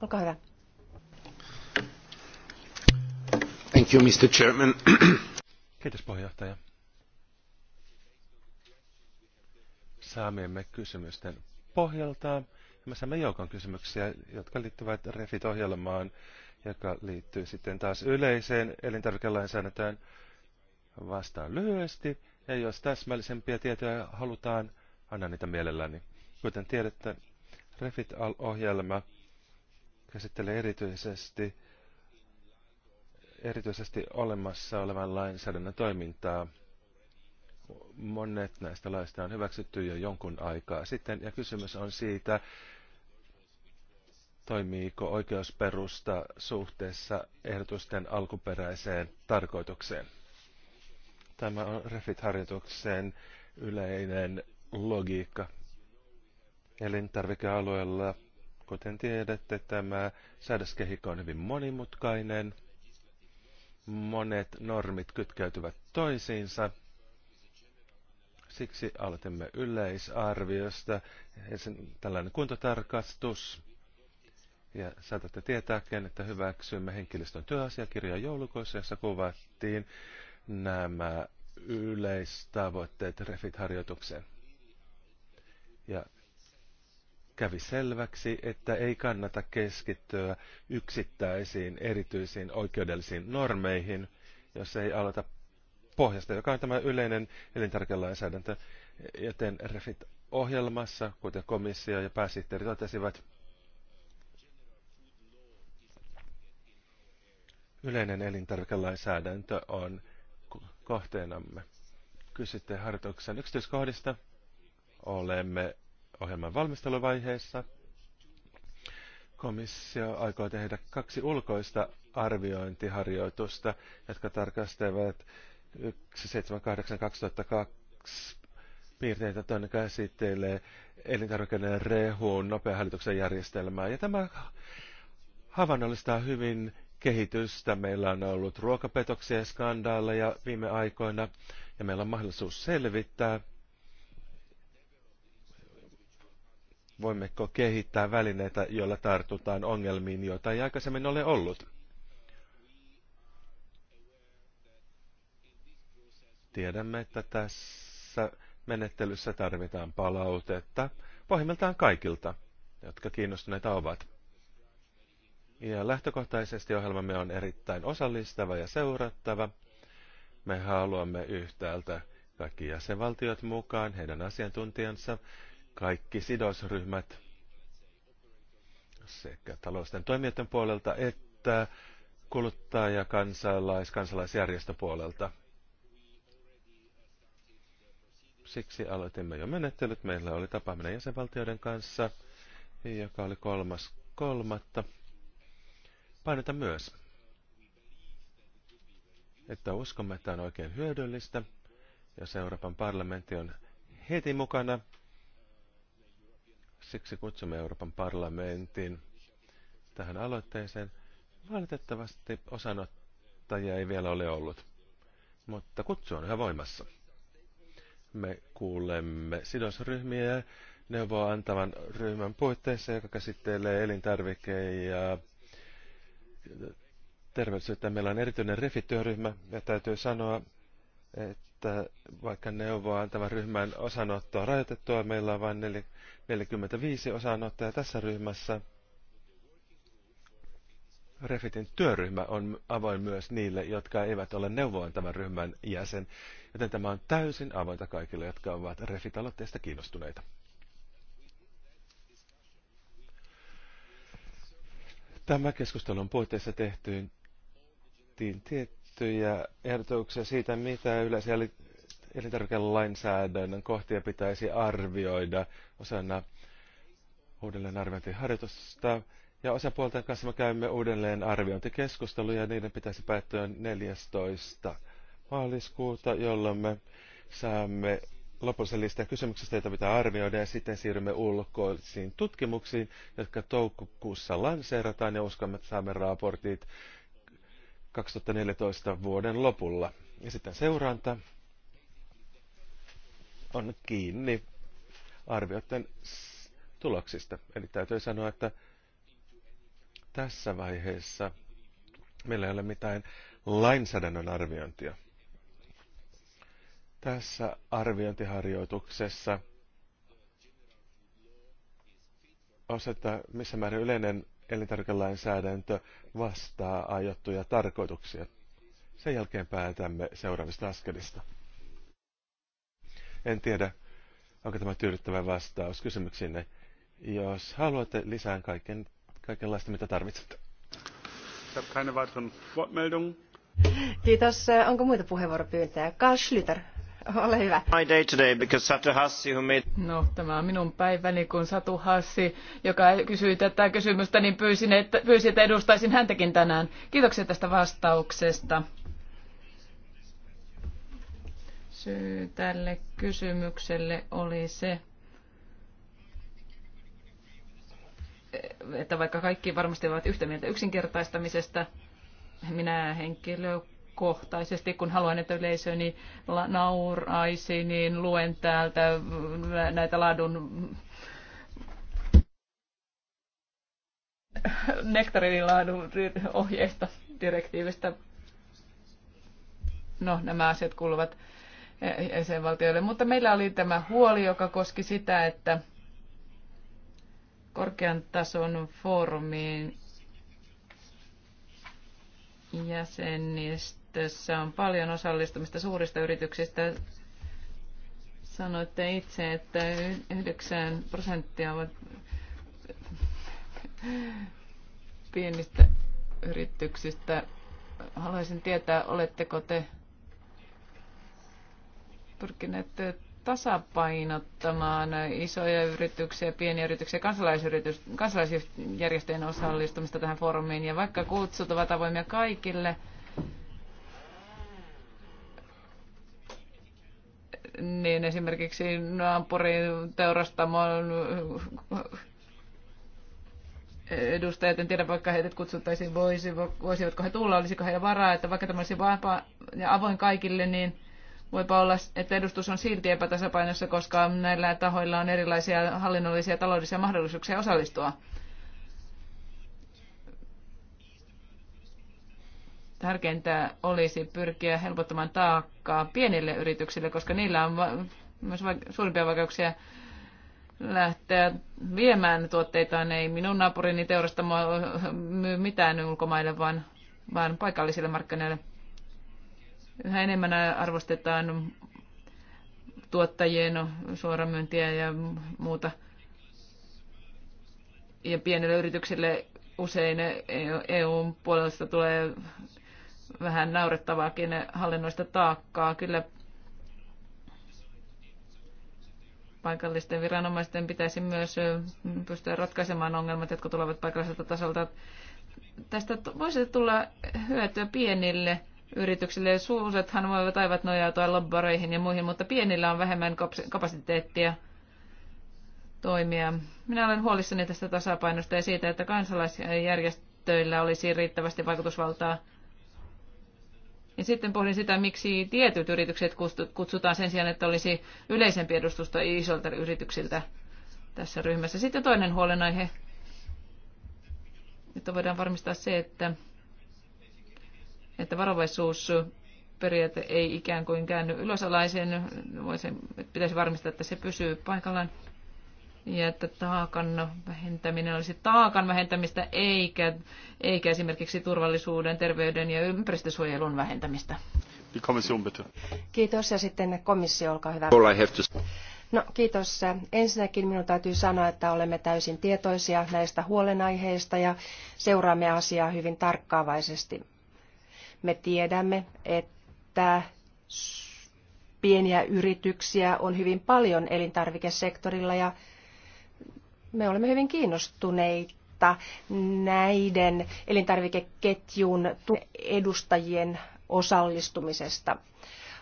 olkaa hyvä. Thank you, Mr. Chairman. Kiitos puheenjohtaja. Saamiemme kysymysten pohjalta me saamme joukon kysymyksiä, jotka liittyvät REFIT-ohjelmaan, joka liittyy sitten taas yleiseen elintarvikelainsäädäntöön. Vastaan lyhyesti, ja jos täsmällisempiä tietoja halutaan, anna niitä mielelläni. Kuten tiedätte, Refit-ohjelma käsittelee erityisesti, erityisesti olemassa olevan lainsäädännön toimintaa. Monet näistä laista on hyväksytty jo jonkun aikaa sitten, ja kysymys on siitä, toimiiko oikeusperusta suhteessa ehdotusten alkuperäiseen tarkoitukseen. Tämä on Refit-harjoituksen yleinen logiikka elintarvikealueella. Kuten tiedätte, tämä säädöskehikko on hyvin monimutkainen. Monet normit kytkeytyvät toisiinsa. Siksi aloitamme yleisarviosta. Ensin tällainen kuntotarkastus. Ja saatatte tietääkin, että hyväksyimme henkilöstön työasiakirjan joulukuussa, jossa kuvattiin nämä yleistavoitteet REFIT-harjoitukseen. Ja kävi selväksi, että ei kannata keskittyä yksittäisiin erityisiin oikeudellisiin normeihin, jos ei aloita pohjasta, joka on tämä yleinen elintarvikelainsäädäntö. Joten REFIT-ohjelmassa, kuten komissio ja pääsihteeri totesivat, yleinen elintarvikelainsäädäntö on kohteenamme. Kysytte harjoituksen yksityiskohdista. Olemme ohjelman valmisteluvaiheessa. Komissio aikoo tehdä kaksi ulkoista arviointiharjoitusta, jotka tarkastelevat 178-2002 piirteitä toinen käsittelee elintarvikkeiden rehuun nopean hälytyksen järjestelmää. Ja tämä havainnollistaa hyvin kehitystä. Meillä on ollut ruokapetoksia ja skandaaleja viime aikoina, ja meillä on mahdollisuus selvittää, voimmeko kehittää välineitä, joilla tartutaan ongelmiin, joita ei aikaisemmin ole ollut. Tiedämme, että tässä menettelyssä tarvitaan palautetta pohjimmiltaan kaikilta, jotka kiinnostuneita ovat. Ja lähtökohtaisesti ohjelmamme on erittäin osallistava ja seurattava. Me haluamme yhtäältä kaikki jäsenvaltiot mukaan, heidän asiantuntijansa, kaikki sidosryhmät sekä talousten toimijoiden puolelta että kuluttaja-, kansalais-, kansalaisjärjestöpuolelta. Siksi aloitimme jo menettelyt. Meillä oli tapaaminen jäsenvaltioiden kanssa, joka oli kolmas kolmatta. Painota myös, että uskomme, että on oikein hyödyllistä, jos Euroopan parlamentti on heti mukana – Siksi kutsumme Euroopan parlamentin tähän aloitteeseen. Valitettavasti osanottajia ei vielä ole ollut, mutta kutsu on yhä voimassa. Me kuulemme sidosryhmiä ja neuvoa antavan ryhmän puitteissa, joka käsittelee elintarvike- ja terveyttä. Meillä on erityinen refityöryhmä ja täytyy sanoa, että että vaikka neuvoa antavan ryhmän osanotto on rajoitettua, meillä on vain 45 osanottoja tässä ryhmässä. Refitin työryhmä on avoin myös niille, jotka eivät ole tämän ryhmän jäsen, joten tämä on täysin avointa kaikille, jotka ovat Refit-aloitteesta kiinnostuneita. Tämä keskustelu on puitteissa tehtyyn tiettyyn tiettyjä ehdotuksia siitä, mitä yleisiä elintarvikelainsäädännön kohtia pitäisi arvioida osana uudelleenarviointiharjoitusta. Ja osapuolten kanssa me käymme uudelleen arviointikeskusteluja ja niiden pitäisi päättyä 14. maaliskuuta, jolloin me saamme lopullisen listan kysymyksistä, joita pitää arvioida ja sitten siirrymme ulkoisiin tutkimuksiin, jotka toukokuussa lanseerataan ja uskomme, että saamme raportit 2014 vuoden lopulla. Ja sitten seuranta on kiinni arvioiden tuloksista. Eli täytyy sanoa, että tässä vaiheessa meillä ei ole mitään lainsäädännön arviointia. Tässä arviointiharjoituksessa osata, missä määrin yleinen elintarvikelainsäädäntö vastaa aiottuja tarkoituksia. Sen jälkeen päätämme seuraavista askelista. En tiedä, onko tämä tyydyttävä vastaus kysymyksiinne. Jos haluatte, lisään kaiken, kaikenlaista, mitä tarvitsette. Kiitos. Onko muita puheenvuoropyyntöjä? Karl Schlüter. Ole hyvä. My day today because Satu Hassi, who made... No, tämä on minun päiväni, kun Satu Hassi, joka kysyi tätä kysymystä, niin pyysin, että, pyysin, että edustaisin häntäkin tänään. Kiitoksia tästä vastauksesta. Syy tälle kysymykselle oli se, että vaikka kaikki varmasti ovat yhtä mieltä yksinkertaistamisesta, minä henkilö kohtaisesti, kun haluan, että yleisöni nauraisi, niin luen täältä näitä laadun nektarinin laadun ohjeista direktiivistä. No, nämä asiat kuuluvat jäsenvaltioille. Mutta meillä oli tämä huoli, joka koski sitä, että korkean tason foorumiin jäsenistä tässä on paljon osallistumista suurista yrityksistä. Sanoitte itse, että 9 prosenttia ovat pienistä yrityksistä. Haluaisin tietää, oletteko te pyrkineet tasapainottamaan isoja yrityksiä, pieniä yrityksiä, kansalaisjärjestöjen osallistumista tähän foorumiin. Ja vaikka kutsut ovat avoimia kaikille, niin esimerkiksi naapurin teurastamon edustajat, en tiedä vaikka heidät kutsuttaisiin, voisivatko he tulla, olisiko heillä varaa, että vaikka tämä olisi vapaa ja avoin kaikille, niin voipa olla, että edustus on silti epätasapainossa, koska näillä tahoilla on erilaisia hallinnollisia ja taloudellisia mahdollisuuksia osallistua Tärkeintä olisi pyrkiä helpottamaan taakkaa pienille yrityksille, koska niillä on myös suurimpia vaikeuksia lähteä viemään tuotteitaan. Ei minun naapurini teurasta myy mitään ulkomaille, vaan, vaan paikallisille markkinoille. Yhä enemmän arvostetaan tuottajien suoramyyntiä ja muuta. Ja pienille yrityksille usein eu e- e puolesta tulee vähän naurettavaakin hallinnoista taakkaa. Kyllä paikallisten viranomaisten pitäisi myös pystyä ratkaisemaan ongelmat, jotka tulevat paikalliselta tasolta. Tästä voisi tulla hyötyä pienille yrityksille. Suusethan voivat aivan nojautua lobbareihin ja muihin, mutta pienillä on vähemmän kapasiteettia toimia. Minä olen huolissani tästä tasapainosta ja siitä, että kansalaisjärjestöillä olisi riittävästi vaikutusvaltaa ja sitten pohdin sitä, miksi tietyt yritykset kutsutaan sen sijaan, että olisi yleisempi edustusta isolta yrityksiltä tässä ryhmässä. Sitten toinen huolenaihe, että voidaan varmistaa se, että, että varovaisuus periaate ei ikään kuin käänny ylösalaiseen. Voisi, pitäisi varmistaa, että se pysyy paikallaan ja että taakan vähentäminen olisi taakan vähentämistä eikä, eikä esimerkiksi turvallisuuden, terveyden ja ympäristösuojelun vähentämistä. Kiitos ja sitten komissio, olkaa hyvä. No, kiitos. Ensinnäkin minun täytyy sanoa, että olemme täysin tietoisia näistä huolenaiheista ja seuraamme asiaa hyvin tarkkaavaisesti. Me tiedämme, että pieniä yrityksiä on hyvin paljon elintarvikesektorilla ja me olemme hyvin kiinnostuneita näiden elintarvikeketjun edustajien osallistumisesta.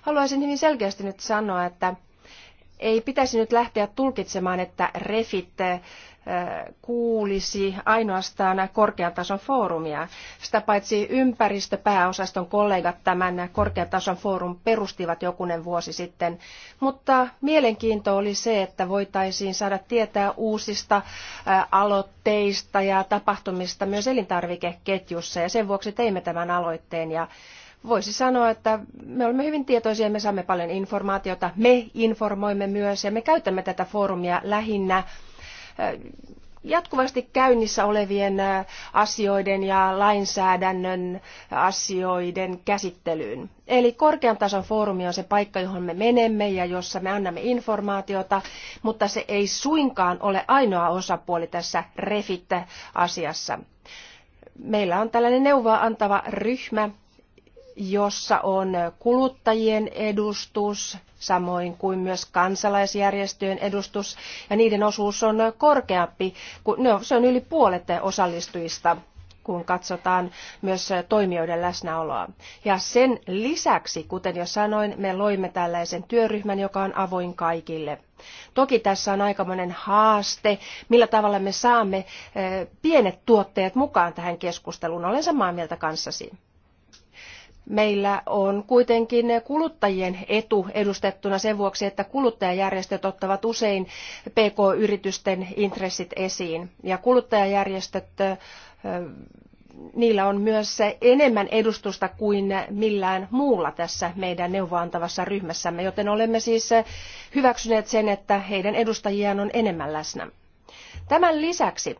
Haluaisin hyvin selkeästi nyt sanoa, että ei pitäisi nyt lähteä tulkitsemaan, että refit kuulisi ainoastaan korkeatason foorumia. Sitä paitsi ympäristöpääosaston kollegat tämän korkeatason foorum perustivat jokunen vuosi sitten, mutta mielenkiinto oli se, että voitaisiin saada tietää uusista aloitteista ja tapahtumista myös elintarvikeketjussa ja sen vuoksi teimme tämän aloitteen ja voisi sanoa, että me olemme hyvin tietoisia, me saamme paljon informaatiota, me informoimme myös ja me käytämme tätä foorumia lähinnä jatkuvasti käynnissä olevien asioiden ja lainsäädännön asioiden käsittelyyn. Eli korkean tason foorumi on se paikka, johon me menemme ja jossa me annamme informaatiota, mutta se ei suinkaan ole ainoa osapuoli tässä REFIT-asiassa. Meillä on tällainen neuvoa antava ryhmä, jossa on kuluttajien edustus, samoin kuin myös kansalaisjärjestöjen edustus, ja niiden osuus on korkeampi, no, se on yli puolet osallistujista kun katsotaan myös toimijoiden läsnäoloa. Ja sen lisäksi, kuten jo sanoin, me loimme tällaisen työryhmän, joka on avoin kaikille. Toki tässä on aikamoinen haaste, millä tavalla me saamme eh, pienet tuotteet mukaan tähän keskusteluun. Olen samaa mieltä kanssasi meillä on kuitenkin kuluttajien etu edustettuna sen vuoksi, että kuluttajajärjestöt ottavat usein PK-yritysten intressit esiin. Ja kuluttajajärjestöillä niillä on myös enemmän edustusta kuin millään muulla tässä meidän neuvoantavassa ryhmässämme, joten olemme siis hyväksyneet sen, että heidän edustajiaan on enemmän läsnä. Tämän lisäksi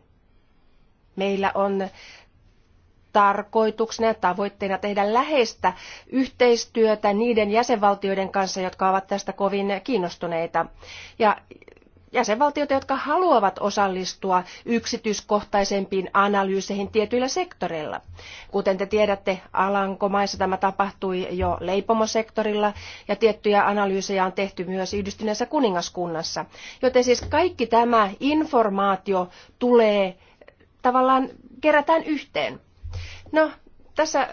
meillä on tarkoituksena ja tavoitteena tehdä läheistä yhteistyötä niiden jäsenvaltioiden kanssa, jotka ovat tästä kovin kiinnostuneita. Ja jäsenvaltioita, jotka haluavat osallistua yksityiskohtaisempiin analyyseihin tietyillä sektoreilla. Kuten te tiedätte, Alankomaissa tämä tapahtui jo leipomosektorilla ja tiettyjä analyysejä on tehty myös yhdistyneessä kuningaskunnassa. Joten siis kaikki tämä informaatio tulee tavallaan kerätään yhteen. No, tässä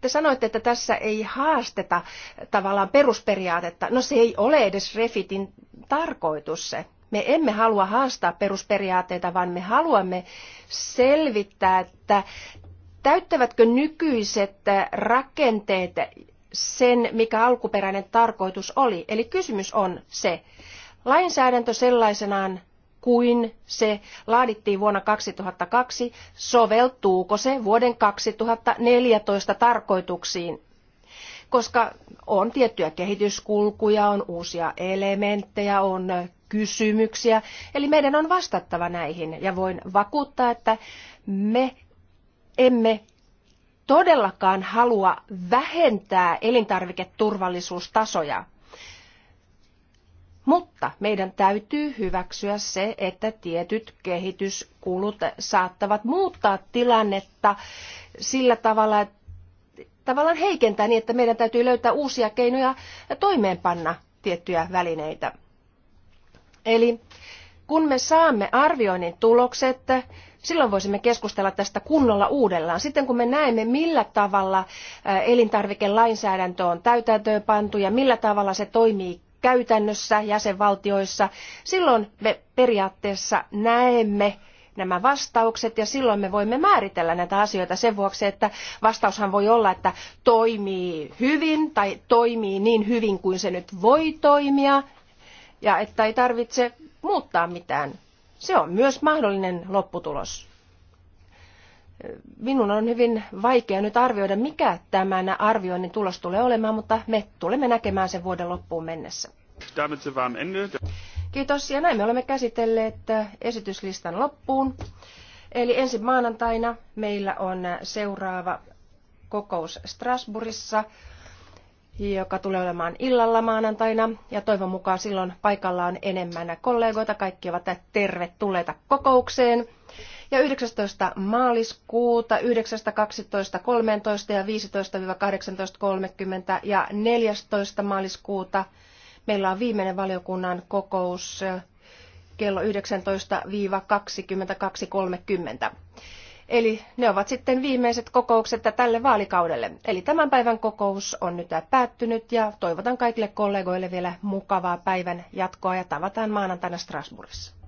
te sanoitte, että tässä ei haasteta tavallaan perusperiaatetta. No se ei ole edes Refitin tarkoitus se. Me emme halua haastaa perusperiaatteita, vaan me haluamme selvittää, että täyttävätkö nykyiset rakenteet sen, mikä alkuperäinen tarkoitus oli. Eli kysymys on se, lainsäädäntö sellaisenaan kuin se laadittiin vuonna 2002, soveltuuko se vuoden 2014 tarkoituksiin, koska on tiettyjä kehityskulkuja, on uusia elementtejä, on kysymyksiä. Eli meidän on vastattava näihin ja voin vakuuttaa, että me emme todellakaan halua vähentää elintarviketurvallisuustasoja. Mutta meidän täytyy hyväksyä se, että tietyt kehityskulut saattavat muuttaa tilannetta sillä tavalla, että tavallaan heikentää niin, että meidän täytyy löytää uusia keinoja ja toimeenpanna tiettyjä välineitä. Eli kun me saamme arvioinnin tulokset, silloin voisimme keskustella tästä kunnolla uudellaan. Sitten kun me näemme, millä tavalla elintarvikelainsäädäntö on täytäntöön pantu ja millä tavalla se toimii käytännössä jäsenvaltioissa, silloin me periaatteessa näemme nämä vastaukset ja silloin me voimme määritellä näitä asioita sen vuoksi, että vastaushan voi olla, että toimii hyvin tai toimii niin hyvin kuin se nyt voi toimia ja että ei tarvitse muuttaa mitään. Se on myös mahdollinen lopputulos minun on hyvin vaikea nyt arvioida, mikä tämän arvioinnin tulos tulee olemaan, mutta me tulemme näkemään sen vuoden loppuun mennessä. Kiitos, ja näin me olemme käsitelleet äh, esityslistan loppuun. Eli ensi maanantaina meillä on seuraava kokous Strasbourgissa, joka tulee olemaan illalla maanantaina. Ja toivon mukaan silloin paikalla on enemmän kollegoita. Kaikki ovat tervetulleita kokoukseen ja 19. maaliskuuta 9.12.13 ja 15-18.30 ja 14. maaliskuuta meillä on viimeinen valiokunnan kokous kello 19-22.30. Eli ne ovat sitten viimeiset kokoukset tälle vaalikaudelle. Eli tämän päivän kokous on nyt päättynyt ja toivotan kaikille kollegoille vielä mukavaa päivän jatkoa ja tavataan maanantaina Strasbourgissa.